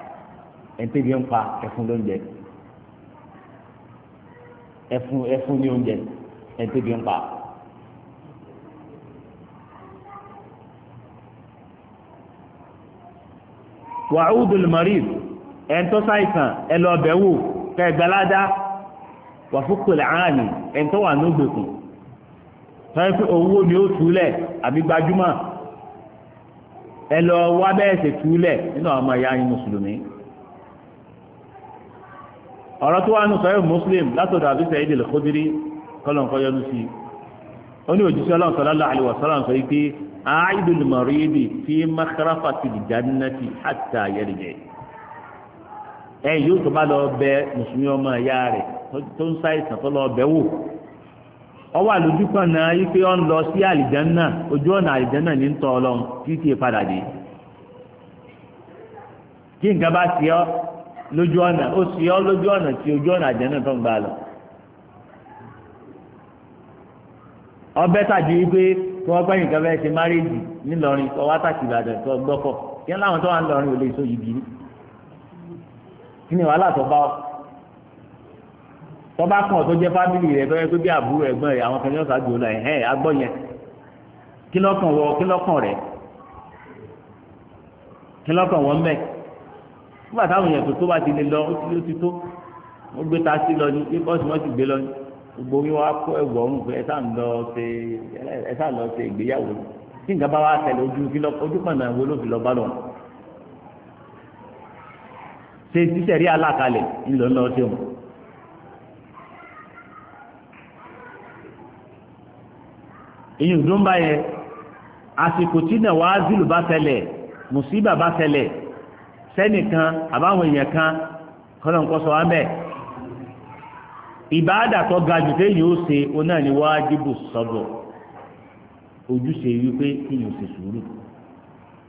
ẹ̀ńtẹ́bi ń pa ẹ̀fún lóúnjẹ ẹ̀fún ẹ̀fún ní oúnjẹ ẹ̀ńtẹ́bi ń pa. wàhùdùl marid ẹ̀ńtọ́ ṣàìsàn ẹ lọ bẹ̀ wò kẹ́ ẹ gbalada wàfúkúlẹ̀ ààni ẹ̀ńtọ́ wà lóògbèkùn fẹ́ẹ́ fi owó ni ó túlẹ̀ àbí gbajúmọ̀ ẹ lọ wá bẹ́ẹ̀ ṣe túlẹ̀ nínú àwọn ọmọ ìyá yín mùsùlùmí ọ̀rọ̀ tó wà nù sọ́yọ́ muslim látọ̀dọ̀ àbí Sa'id al-Khudri kọ́lọ̀ nǹkan yọnu sí i ó ní òjíṣẹ́ ọlọ́run sallallahu alaihi wasallam sọ pé a'idul maridi fi makhrafatil jannati hatta yarji ẹ yóò tó bá lọ bẹ mùsùlùmí ọmọ ìyá rẹ̀ tó ń ṣàìsàn tó lọ bẹ̀ wò lójú ọ̀nà ó sì ọ́ lójú ọ̀nà tí ojú ọ̀nà àjẹ́nà tó ń gbà lọ. ọbẹ̀ tàbí wípé tí wọ́n gbẹ́yìn kan fẹ́ ṣe márèèjì ńìlọrin tó wá tàkì ìbàdàn tó gbọ́kọ̀ kí láwọn tó wà ńlọrin ò lè so yìí bìí kí ni wàhálà tó bá ọ tó bá kàn ọ́ tó jẹ́ fámìlì rẹ̀ tó yẹ pé bí àbúrò ẹ̀gbọ́n rẹ̀ àwọn kan yóò ṣáájú ọ̀la ẹ̀ ẹ̀ agbọ́ yẹn kí lọ́kàn wọ kí lọ́kàn rẹ̀ kí lọ́kàn wọ mẹ́ẹ̀ nígbà táwọn èèyàn tó tó bá ti lè lọ ó ti ó ti tó wọ́n gbé ta sí lọ ní bí bọ́ọ̀sì wọ́n ti gbé lọ ní gbogbo yín wá kó ẹ̀wọ̀ ọ̀run pé ẹ sáà lọ ṣe ẹ sáà lọ ṣe ìgbéyàwó tí nǹkan bá wá tẹ̀lé ojú kí lọ ojú pọ̀nà ìwé ló fi lọ bá lọ. ṣe títẹ̀rí alákalẹ̀ ńlọ ńlọ ṣe wọn. èyí ò dún bá yẹ àsìkò tí náà wàá zìlù bá tẹlẹ̀ mùsíbà bá tẹlẹ̀ sẹ́nìkan àbáwọn èèyàn kan kọ́nà ń kọ́ sọ wá ga jù téèyàn ó náà ni sọ́bọ̀ ojúṣe wípé kéèyàn ṣe sùúrù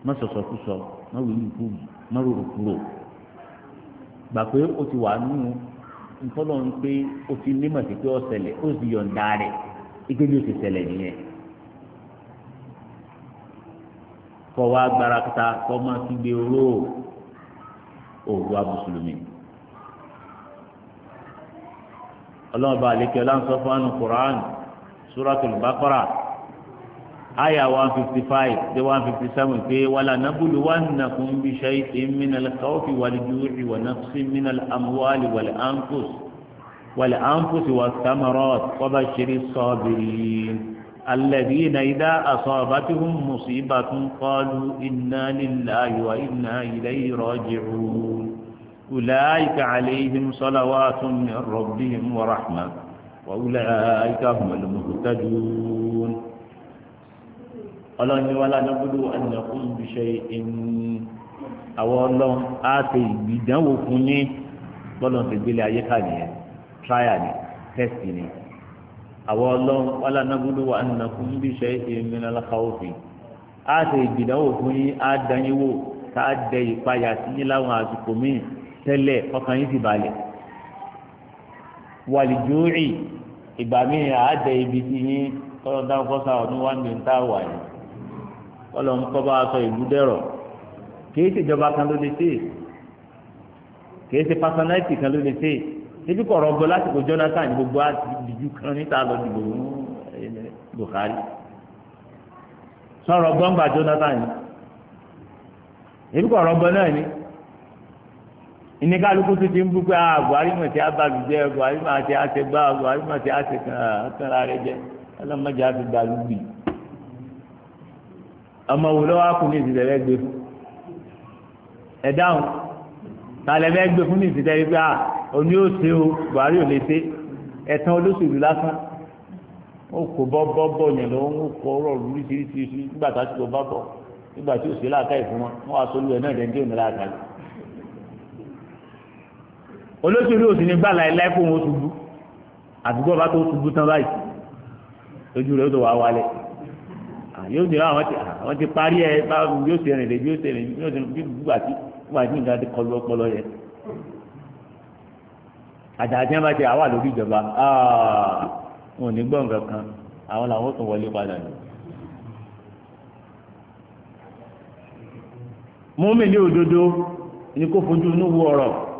má sọ̀sọ̀ kú sọ má wí ikú má kúrò gbà pé ti wà nínú ń pé ike ó ti nìyẹn kọ́ wa gbára òwúwa mùsùlùmí. ọlọ́run bá àlékè ọláńsọ fún Quran suratul Baqara aya one fifty five dé one fifty seven pé wàlà nàbùlù wà nàkùn bí shay'in minal khawfi wal ju'i wà nàfsí minal amwali wal anfus wal anfus wat thamarat wa bashshiris sabirin. الذين إذا أصابتهم مصيبة قالوا إنا لله وإنا إليه راجعون أولئك عليهم صلوات من ربهم ورحمة وأولئك هم المهتدون ọlọ́ni wàlá nàbúdú ànàkùn bìṣe ẹni àwọn ọlọ́run á ṣe ìgbìdánwò fún ní bọ́lọ̀n ti gbélé ayé ká nìyẹn tíráyà ni tẹ́sì ni àwọn ọlọ́run wàlá nàbúdú ànàkùn bìṣe ẹni alákàwọ́fì á ṣe ìgbìdánwò fún ní á dányíwò ká dẹ ìpayà sí ní láwọn àsìkò míì tẹ́lẹ̀ ọkàn yín ti balẹ̀ wàlìjúrì ìgbà míì àádẹ ibi tí yín kọ́lọ́ dáhùn kọ́sà ọdún wá ní ta wà ní kọ́lọ́ ń kọ́ bá aṣọ ìlú dẹ̀rọ̀ kìí ṣe ìjọba kan ló lè ṣe kìí ṣe pásánẹ́tì kan ló lè ṣe ebi kọ̀ rọgbọ lásìkò Jonathan gbogbo àdìjú kan níta lọ dìbò mú Buhari sọ̀rọ̀ gbọ́ngbà Jonathan ebi kọ̀ rọgbọ náà ni ìníkàlùkù tó ti ń bú pé ah, Buhari mà ti àbàlùjẹ Buhari mà ti àtẹgbà Buhari mà ti àtẹkànlá rẹ jẹ ọlọmọdé àti gbàlúgbì ọmọ wò lọ́wọ́ akùnrin ìsìlẹ̀ rẹ gbé fún ẹ dáhùn tàlẹ́ bẹ́ẹ̀ gbé fún ní ìsìlẹ̀ rẹ pé à òní ò ṣe o Buhari ò lè ṣe ẹ̀tàn olóṣèlú lásán ó kó bọ́ bọ́ bọ́ yẹn lọ ó kó ọ̀rọ̀ lóríṣiríṣi nígbà tá a ti lọ bá bọ̀ nígbà tí ò sí láàká ìfún wọn wọn wá sólú ẹ náà dẹ́ndé òní láàká olóṣèlú òsì ní gbàlá ẹ̀ láìpẹ́ òun ó ṣubú àdúgbò bá tó ṣubú tán báyìí lójú rẹ̀ ó tó wà wálẹ̀ yóò dìrọ̀ àwọn ti àwọn ti parí ẹ bá yóò ṣe rìn lè yóò ṣe rìn yóò ṣe rìn bí gbogbo àti gbogbo àti nǹkan ti kọlu ọpọlọ yẹ àtàtì wọn bá ti àwa lórí ìjọba wọn ò ní gbọ́ nǹkan kan àwọn làwọn tó wọlé padà ní. mọ́mí ní òdodo ni kò fojú inú wo ọ̀rọ̀.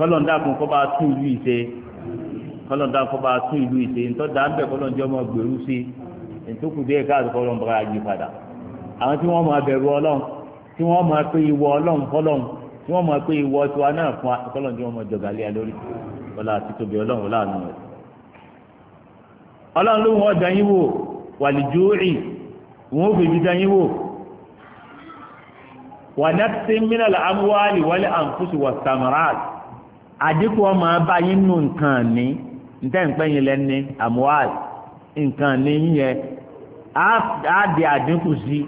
kọ́lọ̀n dákun kọ́ bá tún ìlú ìṣe kọ́lọ̀n dákun kọ́ bá tún ìlú ìṣe ntọ́ da ń bẹ̀ kọ́lọ̀n jẹ́ ọmọ gbèrú sí ntókù dé káàdì kọ́lọ̀n bá yí padà àwọn tí wọ́n máa bẹ̀rù ọlọ́run tí wọ́n máa pé ìwọ ọlọ́run kọ́lọ̀n tí wọ́n máa pé ìwọ tiwa náà fún kọ́lọ̀n ọmọ jọ̀gálẹ́ lórí ọlá àti tóbi ọlọ́run láàánú rẹ̀ ọlọ́run ló àdínkù ọmọ bá yín nù nǹkan ní ntẹ́ nǹpẹ́yìn lẹ́ni àmúhàl nǹkan ní yíyẹn á di àdínkù sí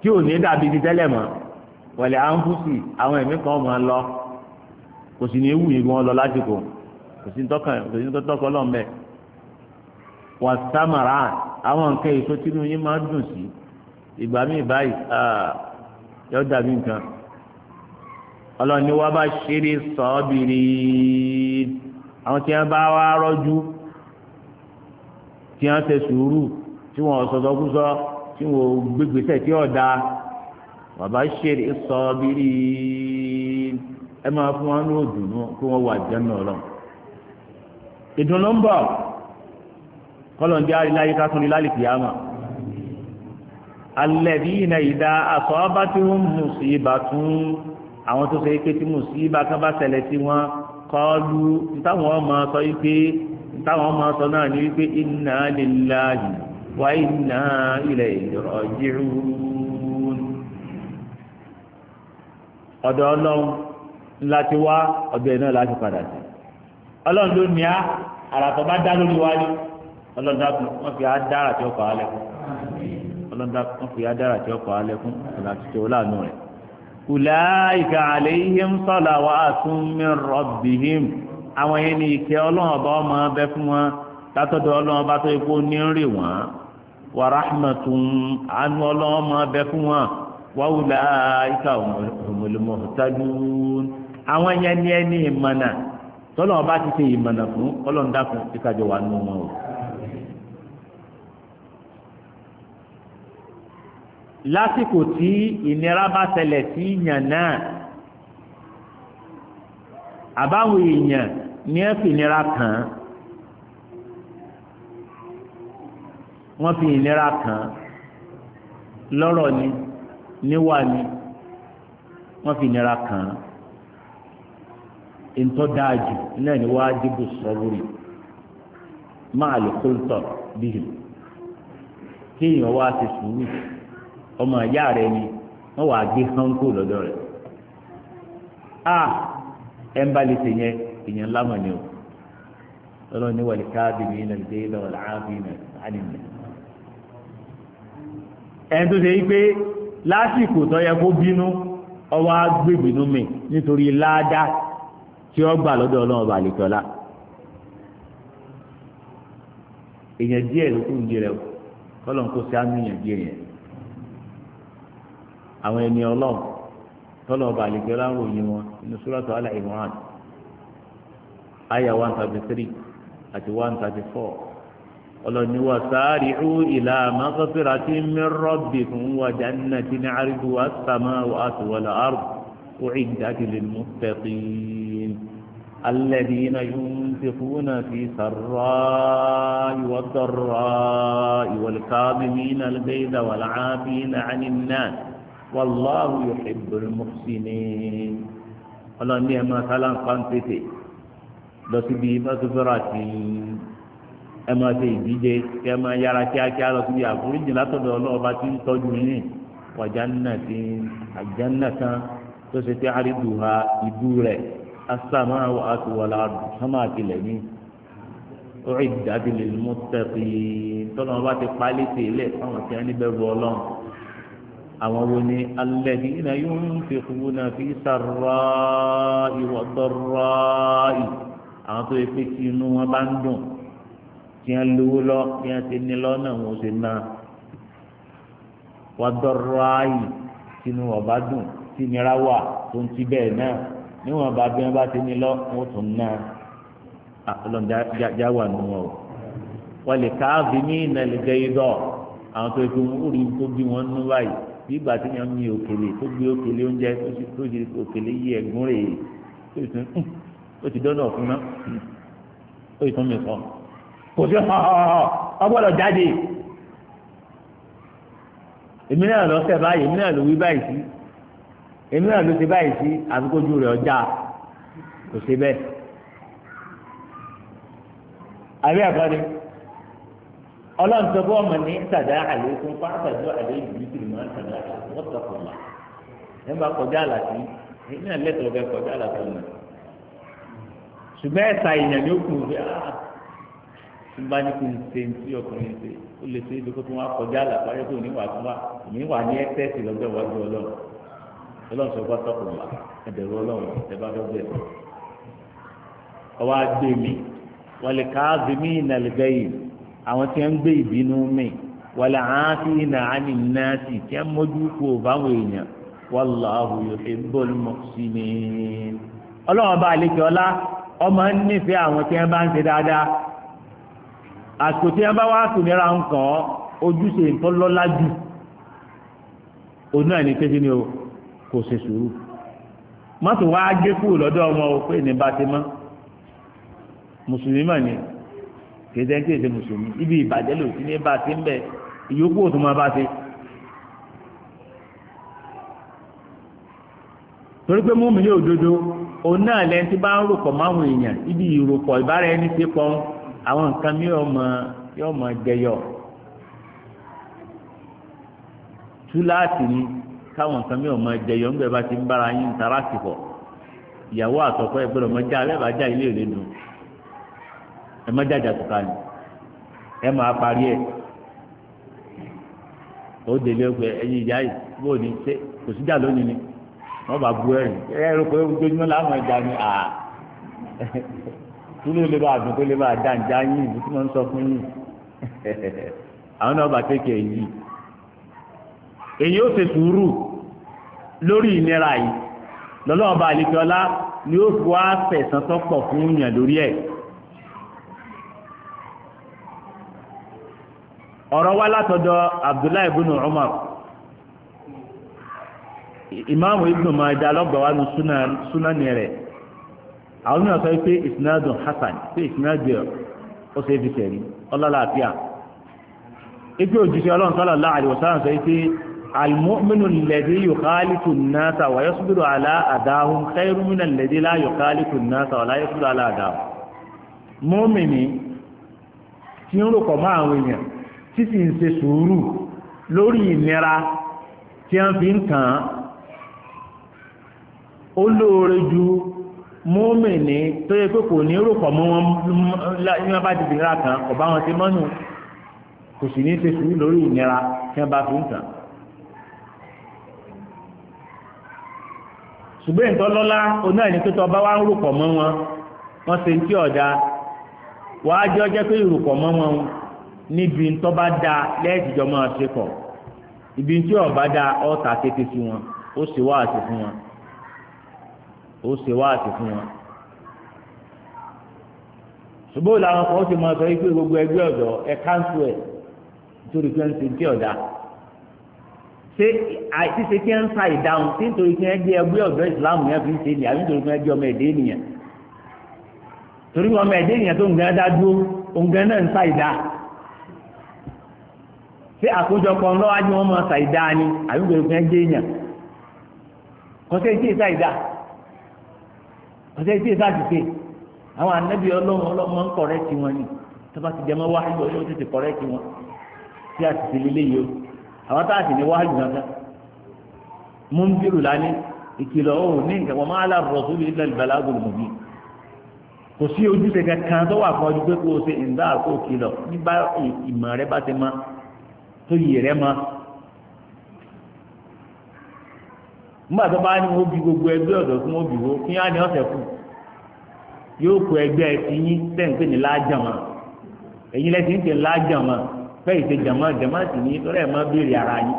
tí ò ní dàbí ti tẹ́lẹ̀ mọ́ wọ̀lẹ̀ à ń kú sí àwọn ẹ̀mí kan mọ́ lọ kò sì ní ewu yìí wọn lọ lásìkò kò sí tọkàn kò sí tọkọ lọ́mọ wà sámàrà àwọn nǹkan èso tínú yín máa dùn sí ìgbà míì báyìí yọ dàbí nǹkan ọlọ́run ni wọ́n bá ṣeré sọ́ọ́bìrì àwọn tí wọ́n bá wá rọ́jú tí wọ́n ṣe sùúrù tí wọ́n sọ̀sọ́kúsọ tí wọ́n gbégbèsè tí wọ́n da wọ́n bá ṣeré sọ́ọ́bìrì ẹ máa fún wọn ní òdùnnú kí wọ́n wà jẹ́ náà lọ. ìdùnnú ń bọ̀ kọlọ̀njẹ́ àríláyé ká tún ní lálẹ́ kìyàmà alladhina idha asabatuhum musibatu àwọn tó ṣe pé tí mùsíbà kan bá ṣẹlẹ̀ kọlu táwọn ọmọ sọ ọmọ sọ náà ní wípé inna lillahi wa ilẹ̀ ilayhi raji'un. ọ̀dọ̀ ọlọ́run ti wá ọ̀dọ̀ ẹ̀ náà láti padà sí ọlọ́run ló ní àràtọ̀ bá dá lórí wáyé ọlọ́run dákun wọ́n fi tí ulaika alayhim salawatun min rabbihim àwọn yẹn ní ìkẹ́ ọlọ́run ọba ọmọ ọbẹ̀ fún wọn látọ̀dọ̀ ọlọ́run ọba tó epo ní rè wọ́n wa rahmatun anú ọlọ́run ọmọ ọbẹ̀ fún wọn wa ulaika humul muhtadun àwọn yẹn ní ẹni ìmọ̀nà tọ́lọ́run ọba ti ṣe ìmọ̀nà fún ọlọ́run dákun ìkàjọ wà nù wọn o. lásìkò tí ìnira bá ṣẹlẹ̀ sí ìyàn náà àbáwọn èèyàn ní ẹ fi ìnira kàn án wọ́n fi ìnira kàn án lọ́rọ̀ ni níwà ni wọ́n fi ìnira kàn án ntọ́ náà ni wàá dìbò sọ́wọ́rì máa lè kó tọ̀ bíi kéèyàn wá ti sùúrù. ọmọ ìyá rẹ ni wọ́n wàá gbé hánkó lọ́dọ̀ rẹ̀ a ẹ̀ ń bá lè sèyẹ ìyẹn ni o ọlọ́run ní wàlẹ̀ káàbì mi nà lè lọ́wọ́ làábì ha ánìmọ̀ ẹni tó ṣe pé lásìkò tó yẹ kó bínú ọwọ́ á mi nítorí ládàá tí ó gbà lọ́dọ̀ ọlọ́run ọba àlekọ́lá èèyàn díẹ̀ ló kún un rẹ o kó sí èèyàn díẹ̀ yẹn. àwọn ẹni ọlọ́run tọ́lọ̀ ọba àlejò láwọn òye wọn nínú sùrọ̀tù Al Imran àyà one thirty three àti one thirty four ọlọ́ni wa sari'u ila maghfiratin min rabbikum wa jannatin 'arduha as-samawatu wal ardu أعدت للمتقين الذين ينفقون في سراء والضراء والكاظمين الغيظ والعافين عن الناس wàláhù yuhibbul muhsinin ọlọ́ni ẹ̀ máa sálà nǹkan tètè lọ síbi mọ́tòfẹ́rà tí ẹ máa ṣe ìdíje kí ẹ máa yára kíákíá lọ síbi àforíjì látọ̀dọ̀ ọlọ́ọ̀ba tí ń tọ́jú yín wa jannatin àjánà kan tó ṣe pé àrídùhà ìdú rẹ̀ as-samawatu wal ardu sánmà àtìlẹ̀ ọ̀rẹ́ ìdádìlẹ̀ mọ́tẹ́kì tọ́lọ́mọba ti pálí tèlé fáwọn tí wọ́n níbẹ̀ rú ọlọ́run àwọn wo ni alladhina yunfiquna fi sarra'i wa dharra'i àwọn tó yẹ pé kí inú wọn bá ń dùn kí wọn lówó lọ kí wọn ti ní lọ́nà wọn ò sì ná wa dharra'i tí inú wọn bá dùn tí nira wà tó ń ti bẹ́ẹ̀ náà níwọ̀n bá bí wọn bá ti ní lọ wọn tún ná ah, ọlọ́run jáwà nù wọn o wal kaazimina al ghayza àwọn tó yẹ pé wọn ò rí tó bí wọn nú báyìí ìgbà tí yẹn ń yin òkèlè tó gbé òkèlè oúnjẹ tó ṣe òkèlè yí ẹ̀gún rè é ó ti dọ́nà ọ̀fun náà ó ti tún mi sọ kò sí ọgbọ́dọ̀ jáde èmi náà lọ sẹ́ báyìí èmi náà ló wí báyìí sí èmi náà ló ti báyìí sí àfikójú rẹ̀ ọjà kò sí bẹ́ẹ̀ àbí àkọ́ni. ọlọ́run tó bọ́ ọmọ ní sàdá àlékún fáfàdúrà àlékún yìí máa ń sàdá wọ́n tó kọ̀ wá ẹ bá kọjá àlàtí náà lẹ́tọ̀ọ́ kọjá àlàtí ṣùgbọ́n ẹ̀ta èèyàn kù ah, bá ní kò ọkùnrin ṣe ó lè ṣe ìdókòtò wọn kọjá àlàtí wáyé wà ní lọ́gbẹ́ wájú ọlọ́run ọlọ́run àwọn tí wọ́n gbé ìbínú mì wàlẹ àáfíì na á ní tí wọ́n mójú kú òbáwọn èèyàn wàláhù yuhibbul muhsinin ọlọ́wọ́n bá àlejò ọlá ọmọ nífẹ̀ẹ́ àwọn tí bá ń ṣe dáadáa àsìkò tí a bá wá sùnira nǹkan ojúṣe ìtọ́lọ́lá jù kékeré o kò ṣe sùúrù mọ́tò wá gé kéde ń kéde mùsùlùmí ibi ìbàjẹ́ lò sí ní bá a ti ń bẹ ìyókù òtún máa bá a ti. torí pé múmi ní òdodo òun náà lẹ́yìn tí bá ń rò pọ̀ máwọn èèyàn ibi ìròpọ̀ ìbára ẹni ti pọ̀ àwọn nǹkan mi yóò mọ yóò mọ jẹyọ. túláàtì ni káwọn nǹkan mi yóò mọ jẹyọ ńgbẹ bá ti ń bára yín tara sí pọ̀ ìyàwó àtọ̀kọ́ ẹgbẹ́ rẹ̀ mọ́jà alẹ́ bá já ilé ìlénu ẹ má jàjà tó ká ní ẹ máa parí ẹ ó délé pé ẹyin ìyá yìí bó ní ṣe kò síjà lónìí ni wọn bá bu ẹrìn ẹ rò pé ojoojúmọ́ làwọn ẹja ni à [laughs] túlẹ̀ lè bá àdùn tó lè bá dá ìjà yín ìlú tí wọ́n ń sọ fún yín [laughs] àwọn náà bá tẹ̀kẹ̀ yìí èyí ó ṣe sùúrù lórí ìnira yìí lọ́lọ́ọ̀bá àlejò ni ó fi wá fẹ̀sán tọ́pọ̀ fún yàn lórí ẹ̀. ọ̀rọ̀ wá látọ̀dọ̀ abdullahi ibn umar imaamu ibn maida lọ́gbàwá nu súnánì rẹ̀ àwọn onímọ̀ sọ pé isnadun hasan pé isnadu ó ṣe é fi tẹ̀lé ọlọ́láàfíà ipe òjíṣẹ́ ọlọ́run sallallahu alaihi wasallam sọ pé almu'minu alladhi yukhalitu an-nasa wa yasbiru ala adahum khayrun min alladhi la yukhalitu an-nasa wa la yasbiru ala mọ́mìnì tí ń rò pọ̀ mọ́ àwọn èèyàn tí sì ń lori sùúrù lórí ìnira tí a fi ń kàn án ó lóore ju mọ́mìnì tó yẹ pé kò ní rúkọ̀ mọ́ wọn ní wọ́n bá ti dìnnira kan kò wọn ti mọ́nu kò sì ní ṣe sùúrù lórí ìnira tí a bá fi ń kàn ṣùgbọ́n ìtọ́ lọ́lá oná ẹni tó bá wá ń rúkọ̀ mọ́ wọn wọ́n ṣe ń tí ọ̀dà wàá jẹ́ ọjẹ́ pé ìrùkọ̀ mọ́ wọn níbi tó bá da lẹ́ẹ̀tìjọ́ máa ṣe pọ̀ ibi tí ò bá da ọ̀tà kété sí wọn ó ṣe wá àti fún wọn ó ṣe wá àti fún wọn. ṣùgbọ́n làwọn kan ti máa sọ wípé gbogbo ẹgbẹ́ ọ̀dọ́ ẹ káńtù ẹ̀ nítorí pé ń ṣe tí ọ̀dà ṣé àìsíṣe kí ń sa ìdáhùn tí nítorí kí ń ẹgbẹ́ ọ̀dọ́ ìsìláàmù yẹn fi ń ṣe ni àbí nítorí kí ń jẹ ọmọ ẹ̀dẹ́ ènìyàn torí ọmọ ẹ̀dẹ́ ènìyàn tó ń gan dá dúró òun gan náà ń sa ìdáhùn. pé àkójọpọ̀ ńlọ́wájú wọn máa ṣàìdá ni àbí ẹgbẹ́ èèyàn kọ́sẹ́ ṣàìdá kọ́sẹ́ tí ì ṣàṣìṣe àwọn anábì ọlọ́run ọlọ́mọ ń kọ̀rẹ́ tí ni tó ti jẹmọ́ wáyé ọlọ́run tètè kọ̀rẹ́ tí tí yìí o àwọn tá a sì ní wáyé náà mú ń bírù ìkìlọ̀ ní máa kò sí ojúṣe kankan tó tó yè ma mọ́ tó bá ní gbogbo ẹgbẹ́ ọ̀dọ́ tí wọ́n bí wọ́n kí wọ́n á ní ọ̀sẹ̀ kù yóò kó ẹgbẹ́ ti yín tẹ̀ǹpé ní lájàmọ́ èyí lẹ́sìn tẹ̀ lájàmọ́ fẹ́yìí tẹ̀ jàmọ́ jàmọ́ sì ní béèrè ara yín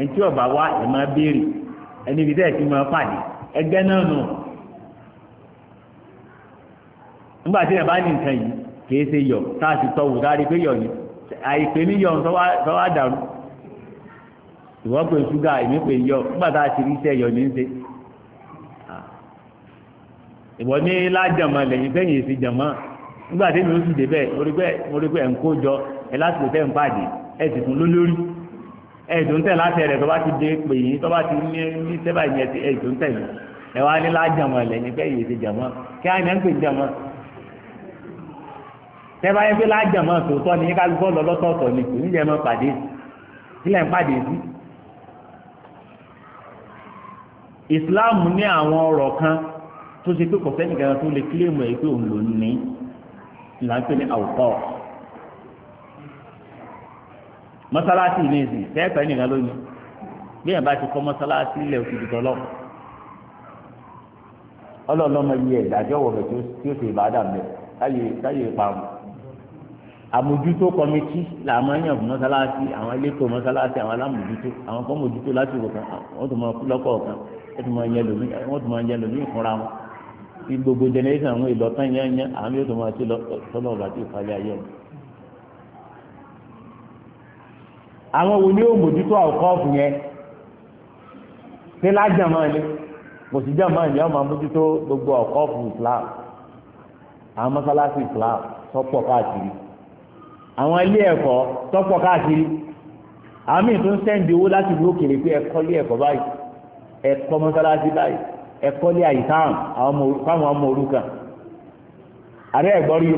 ẹni ọba wa ẹ̀ máa béèrè ẹni ibi tẹ̀ ẹ̀ ti máa pàdé ẹgbẹ́ náà nù nígbà tí ẹ̀ bá ní nǹkan àìpé níyọ̀n tọ́wọ́ àdàrú ìwọ́n pè ṣúgà èmi pè yọ nígbà tá a ti rí iṣẹ́ yọ ní ṣe ah. ìwọ́n ní lájàmọ́ lẹ́yìn fẹ́yìn èsì jàmọ́ nígbà tí mi ó sì débẹ̀ mo rí pé ẹ̀ ń kó jọ ẹ lásìkò tẹ́ ń pàdé ẹ sì fún lólórí ẹ ìdùn tẹ̀ láti ẹ̀rẹ̀ tó bá ti dé pè yín tó bá ti ní ní sẹ́bà yẹn ẹ ìdùn tẹ̀ yín ẹ wá ní lájàmọ́ lẹ́yìn fẹ́yìn èsì jàmọ́ kí á ní ẹ̀ ń pè jàmọ́ tẹ́bá yẹn pé lájàmọ́ tòótọ́ ni kálukọ́ lọ lọ́tọ̀ọ̀tọ̀ ni kò ní jẹ́ mọ́ pàdé sílẹ̀ ń pàdé sí. Islam ní àwọn ọ̀rọ̀ kan tó ṣe pé kò sẹ́nìkan tó lè kílèmù ẹ̀ pé òun ló ní ìlànà pé ní àwùkọ́ mọ́sálásí ní ìsìn tẹ́ẹ̀pẹ́ nìkan lónìí bí ẹ̀ bá ti kọ́ mọ́sálásí ilẹ̀ òkùnkùn tọ́lọ́ ọlọ́ọ̀lọ́mọ yìí ẹ̀ ìdájọ́ wọ̀ bẹ̀ tí ó ṣe àmójútó kọmitì là máa ń yàn fún mọ́sálásí àwọn elétò mọ́sálásí àwọn alámòjútó àwọn kan mójútó láti wò kan wọ́n tún máa kú lọ́kọ̀ kan wọ́n tún máa yẹ lómi wọ́n tún máa yẹ lómi ìfúnra wọn tí gbogbo jẹnẹrẹsì àwọn ìlọtàn yẹn yẹn àwọn yóò tún máa ti lọ sọ́nà ọ̀gá tí ìfàlẹ́ ayé wọn. àwọn wo ni ó mójútó àwòkọ́ọ̀fù yẹn ṣé lájàmọ́ ni kò sí jàmọ́ ni wọ́n máa mójútó gbogbo àwòkọ́ọ̀fù Islam àwọn mọ́sálásí Islam sọ́pọ̀ káàkiri àwọn ilé ẹ̀kọ́ tọ́pọ̀ káàkiri àmì tó ń sẹ́ǹdì owó láti ìlú òkèèrè pé ẹ̀kọ́ ilé ẹ̀kọ́ báyìí ẹ̀kọ́ mọ́sálásí báyìí ẹ̀kọ́ ilé àyíkáhùn fáwọn ọmọ òrukàn àrẹ ẹ̀gbọ́rí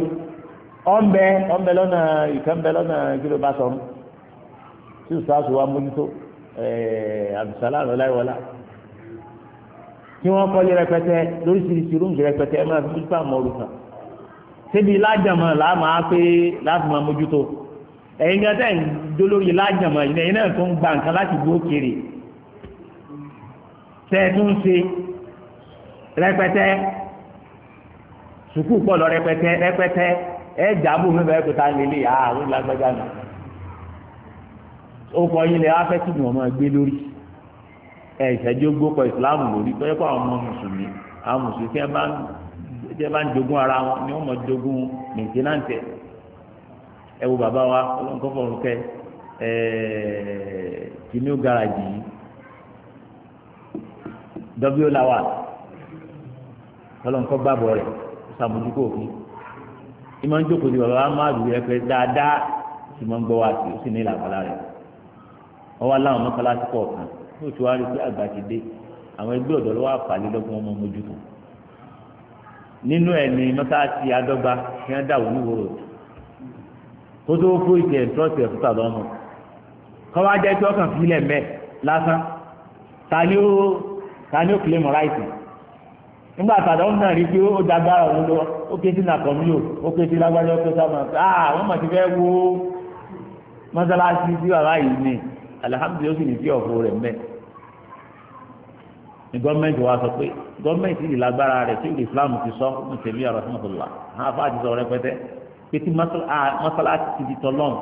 ọ̀nbẹ ọ̀nbẹ lọ́nà ìkànnbẹ lọ́nà gílóbá sọ̀rọ̀ tí ìsúwàsù wa mójútó àbùsálà eh, lọ́láìwọlá tí wọ́n kọ́ lé rẹpẹtẹ lóríṣiríṣi rúùmù rẹpẹtẹ ẹ máa fi síbi lájàmọ̀ láàmà pé láti máa mójútó ẹ̀yin gan tẹ́ ń dolórí lájàmọ̀ yìí ẹ̀yin náà tó ń gba nǹkan láti gbó kiri tẹ́ ẹ tún ṣe rẹpẹtẹ sùkúù pọ̀ lọ rẹpẹtẹ rẹpẹtẹ ẹ jàbù mi bẹ́ẹ̀ kó ta lélẹ̀ àwọn ìlàgbẹ́jà náà ó kọ yín lẹ wá fẹ́ kí ni wọ́n máa gbé lórí ẹ̀ ìṣẹ́jú gbókọ̀ ìsìláàmù lórí pé kó àwọn ọmọ mùsùlùmí àwọn mùsùlùmí kí bá ń tí ẹ bá ń jogún ara wọn ni wọ́n mọ̀ jogún mẹ̀tínáǹtì ẹ wo bàbá wa ọlọ́nkọ́ fọ̀rọ̀ kẹ kìnìún garaajì yìí w lawa ọlọ́nkọ́ gbàbọ̀ rẹ̀ sàmójúkò òfin ìmọ̀ ń jókòó di bàbá máa rú ẹ pé dáadáa sì máa ń gbọ́ wá sí ó sì ní ìlàkọ́lá rẹ̀ ọwọ́ aláwọn mọ́kànlá ti kọ̀ọ̀kan yóò ti wá rí pé àgbà ti dé àwọn ẹgbẹ́ ọ̀dọ́ ló wá fà lọ́gbọ́n ọmọ mójútó nínú ẹ̀ ní mọ́sáàsì adọ́gba kí wọ́n ní wòrò kó tó kó ìtẹ̀ ìtọ́sí ẹ̀fọ́ tàbí ọmọ kọ́wá jẹ́ tí ọkàn fílẹ̀ mẹ́ lásán ta ni ó ta ni ó kìlẹ̀ mọ́ ráìtì nígbà tàbí ọmọ náà rí pé ó dagbára òun lọ ó ké sí nàkọ́ mi ò ó ké sí lágbájá ah wọ́n mọ̀ ti fẹ́ wo mọ́sálásí sí yìí ni alihamudulilayi ó ní gọ́ọ̀mẹ̀ntì wa sọ pé gọ́ọ̀mẹ̀ntì yìí lágbára rẹ̀ tí Islam ti sọ ní tèmi ọ̀rọ̀ fún ọ̀tọ̀lá àfa àti sọ̀rọ̀ rẹpẹtẹ pé tí mọ́sálásí ti di tọ́lọ́m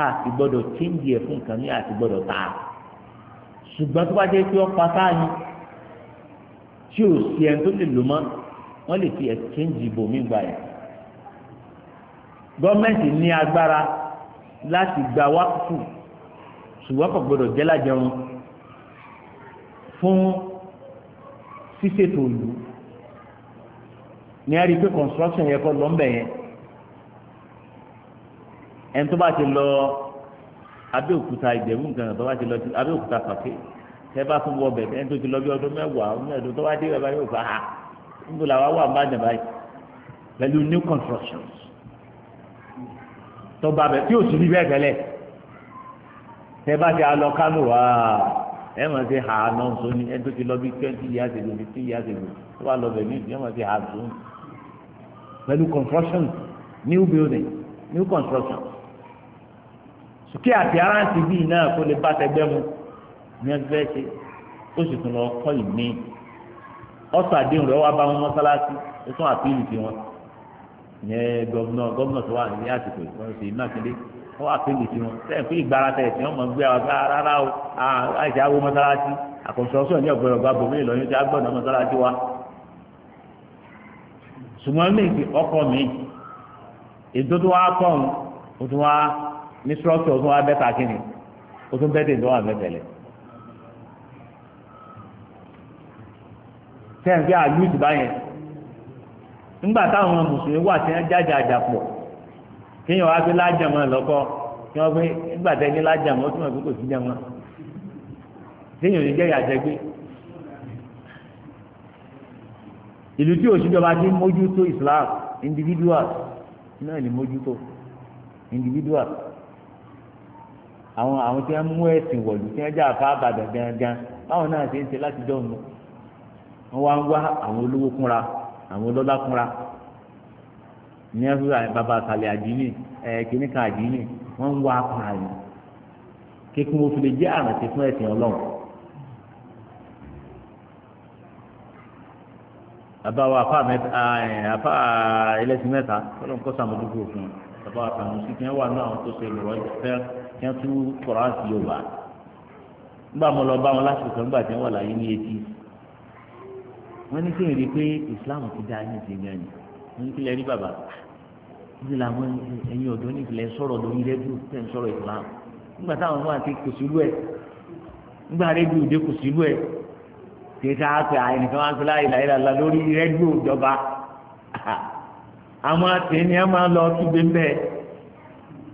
a ti gbọ́dọ̀ chíńjì ẹ̀ fún nǹkan ní àti gbọ́dọ̀ tà á ṣùgbọ́n tó bá jẹ́ pé ọ̀pá sáàyìn tí ò sí ẹni tó lè lò mọ́ wọ́n lè fi ẹ̀kíńjì ìbòmí gbà yẹn gọ́ọ̀mẹ̀ntì ní agbára láti gba wákùkù ṣùgbọ́n kò gbọ́dọ̀ jẹ́lájẹun fún ṣíṣètò ìlú ní a rí i pé construction yẹ kọ́ lọ́nbẹ̀ yẹn ẹni tó bá ti lọ abẹ́òkúta ìdẹ̀rù nǹkan tó bá ti lọ abẹ́òkúta pàṣẹ tẹ bá tún wọ bẹ̀rẹ̀ ẹni tó ti lọ bí ọdún mẹ́wàá ọdún mẹ́ẹ̀ẹ́dún tó bá dé bàbá yóò fà á ah, níbo làwa wà má dàn báyìí pẹ̀lú new constructions tó bá bẹ̀ tí ò sí bí bẹ́ẹ̀ tẹ́lẹ̀ tẹ bá ti alọ kánò wá. Ah, ẹ mọ̀ sí ha náà sọ ni ẹ tó ti lọ bí twenty years ago fifteen years ago tó bá lọ bẹ̀ ní ẹ mọ̀ sí ha sọ ni pẹ̀lú construction new building new construction sùkí àti aráǹtì bíi náà kó lè bá tẹgbẹ́ mu ní ẹgbẹ́ ṣe ó sì tún lọ kọ́ ìmí ọ̀sọ̀ àdéhùn rẹ̀ wá bá wọn mọ́sálásí ó tún àpíìlì sí wọn ìyẹn gọ́vnọ̀ gọ́vnọ̀ tó wà ní àsìkò ìwọ́n mákindé wọ́n wá pélé tiwọn sẹ́yìn pé ìgbára tẹ̀ tí wọ́n mọ̀ gbé àwọn sáà rárá o àìsí àwọn mọ́sálásí àkọsọ́sọ́ ní ọ̀gbọ̀n ọ̀gbà bòmí ìlọrin tí a gbọ́dọ̀ mọ́sálásí wa. ṣùgbọ́n ní ìpè ọkọ mi ètò tó wá kọ́ ọ̀hún o tún wá ní sọ́ọ̀tù o tún wá bẹ́ta kínni o tún bẹ́tẹ̀ ìdánwò àbẹ̀tẹ̀lẹ̀. sẹ́yìn pé àlùsì báyẹn nígbà táwọn mùsùlùmí wà tí kéèyàn wá sí lájàmọ́ lọ́kọ́ kí wọ́n pé nígbà tẹ́ ní lájàmọ́ ó túmọ̀ pé kò sí jàmọ́ kéèyàn lè jẹ́ ìyàjẹ́gbé ìlú tí òṣìjọba ti mójútó Islam individual náà ni mójútó individual àwọn àwọn tí wọ́n mú ẹ̀sìn wọ̀lú tí wọ́n jẹ́ àfa àbàdàn gangan báwọn náà ṣe ń ṣe láti dọ́ọ̀nù wọ́n wá ń wá àwọn olówó kúnra àwọn ọlọ́lá kúnra ní ẹ̀fọ́ bàbá àkàlẹ̀ àdínì ẹ̀ kìíní kan àdínì wọ́n ń wá apààyàn kékun mo fi lè jẹ́ àrántí fún ẹ̀sìn ọlọ́run. bàbá wa afa mẹ́ta afa ẹlẹ́sìn mẹ́ta ọlọ́run kọ́ sàmójúkú òfin bàbá wa kàn sí kí wọ́n wà ní àwọn tó ṣe lọ́wọ́ fẹ́ kí wọ́n tún kọ̀ọ̀rọ̀ àti yorùbá nígbà mo lọ bá wọn lásìkò kan nígbà tí wọ́n wà láyé ní etí wọ́n ní kí n rí i pé Islam ti dá yín ti gan ni wọ́n ní kí lè rí bàbá títí làwọn ẹ̀yin ọ̀dọ́ nípìnlẹ̀ sọ̀rọ̀ lórí rẹ́díò tẹ̀ ń sọ̀rọ̀ ìsìlám nígbà táwọn fún àti kò sílú ẹ̀ nígbà rẹ́díò dé kò sílú ẹ̀ tẹ̀sán àpè àyẹ̀nìkan wá ń sọlá ìlàyẹ̀lá lórí rẹ́díò ìjọba àwọn àti ẹni ẹ máa lọ síbi ń bẹ́ẹ̀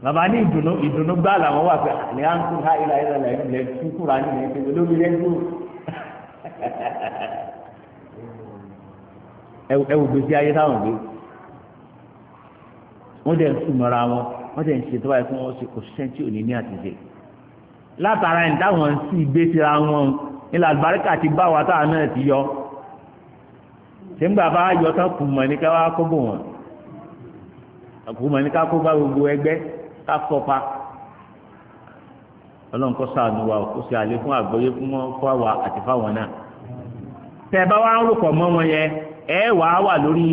bàbá ní ìdùnnú ìdùnnú gbá làwọn wà pé àlẹ́ à ń kú ha ìlàyẹ̀lá lẹ́yìn kúkúrà nìyẹn tẹ̀wé lórí rẹ́díò [laughs] ẹ wò gbèsè ayé táwọn gbèsè wọ́n dẹ̀ ń súnmọ́ra wọn wọ́n dẹ̀ ń ṣe tó báyìí fún wọn ṣe kò ṣiṣẹ́ tí ò ní ní àtijọ́ látara ẹ̀ táwọn ń sí ìgbé síra wọn ilà àlùbáríkà ti bá wa táwọn náà ti yọ sẹ́ńgbà bá yọ tán kù mọ̀ ní ká wá kó bò wọ́n kù mọ̀ ní ká kó bá gbogbo ẹgbẹ́ ká fọ́pa ọlọ́run kó ṣàánú wa kó ṣe àlékún àgbọ́yé fún wọn kó àwa àti fáwọn náà tẹ̀ bá wá ń mọ́ wọn yẹ ẹ wàá wà lórí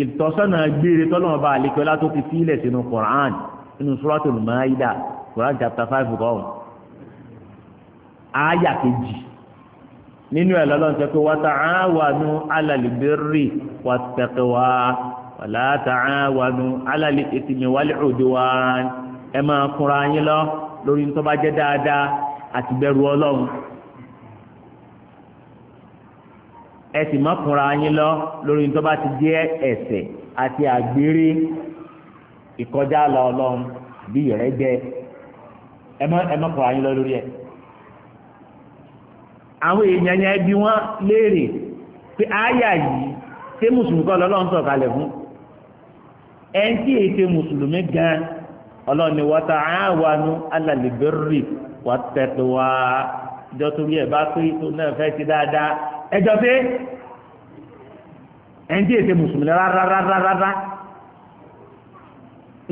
ìtọ́sọ́nà gbére tọ́lọ́mọ bá àlekẹ́ ọlá tó fi sílẹ̀ sínú Quran nínú Suratul Maida Quran chapter five kọ́ọ̀n àyà kejì nínú ẹ̀ lọ́lọ́run sọ pé wa ta'awanu 'alal birri wat taqwa wa la ta'awanu 'alal ithmi wal 'udwan ẹ máa kúnra yín lọ lórí ntọ́bajẹ́ dáadáa àti bẹ̀rù ọlọ́run ẹ sì má kúnra yín lọ lórí tó bá ti jẹ́ ẹ̀ṣẹ̀ àti àgbèrè ìkọjá lọ Ọlọ́run bí ìrẹ́jẹ ẹ má ẹ má kúnra yín lọ lórí ẹ àwọn èèyàn yẹn bí wọ́n léèrè pé àyà yìí ṣé mùsùlùmí kọ́ lọ́lọ́run fún ẹn tí ète mùsùlùmí gan ọlọ́ni wa ta'awanu 'ala al-birri ẹjọ́ pé ẹ̀ǹdí èsè mùsùlùmí rárárárárá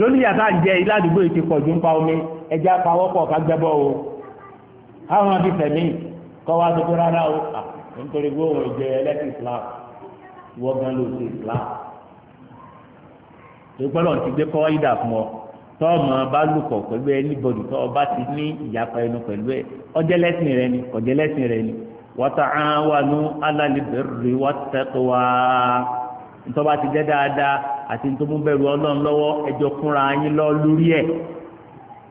lónìí yàtá jẹ ilé àdúgbò pọ̀jù ń pa omi ẹja pawọ́pọ̀ ká o àwọn àti kọ́ wá tó rárá o nítorí òun Islam wọ́gán ló Islam ti gbé kọ́ ìdà fún ọ tọ́ọ̀mù bá lùkọ̀ pẹ̀lú anybody tọ́ọ̀ bá ti ní ìyapa ẹnu pẹ̀lú ẹ ọjẹ́lẹ́sìn rẹ ni rẹ ni. wàtàáwánú alálìbẹ̀rẹ̀ wàtẹ́kọ̀wá ntọ́ba ti jẹ́ dáadáa àti ntọ́múbẹ̀rù ọlọ́run lọ́wọ́ ẹjọ́ kúnra yín lọ lórí ẹ̀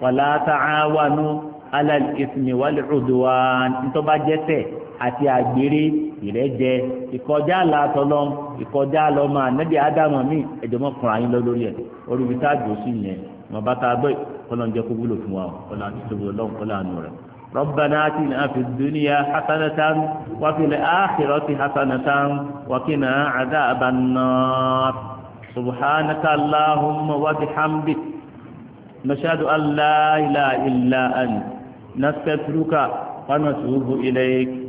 wàlá tàáwánú alálìfìmì wàlẹ̀ ọ̀dọ̀wá ntọ́ba jẹ́tẹ̀ àti àgbèrè ìrẹ́jẹ ìkọjá làtọ́lọ́ ìkọjá lọ́mọ ànábì ádámọ̀ mi ẹjọ́ mọ́ kúnra yín lọ lórí ẹ̀ orí mi tá a jò yẹn mọ̀ bá ta gbé kọ́lọ́ ربنا آتنا في الدنيا حسنة وفي الآخرة حسنة وقنا عذاب النار سبحانك اللهم وبحمدك نشهد أن لا إله إلا أنت نستغفرك ونتوب إليك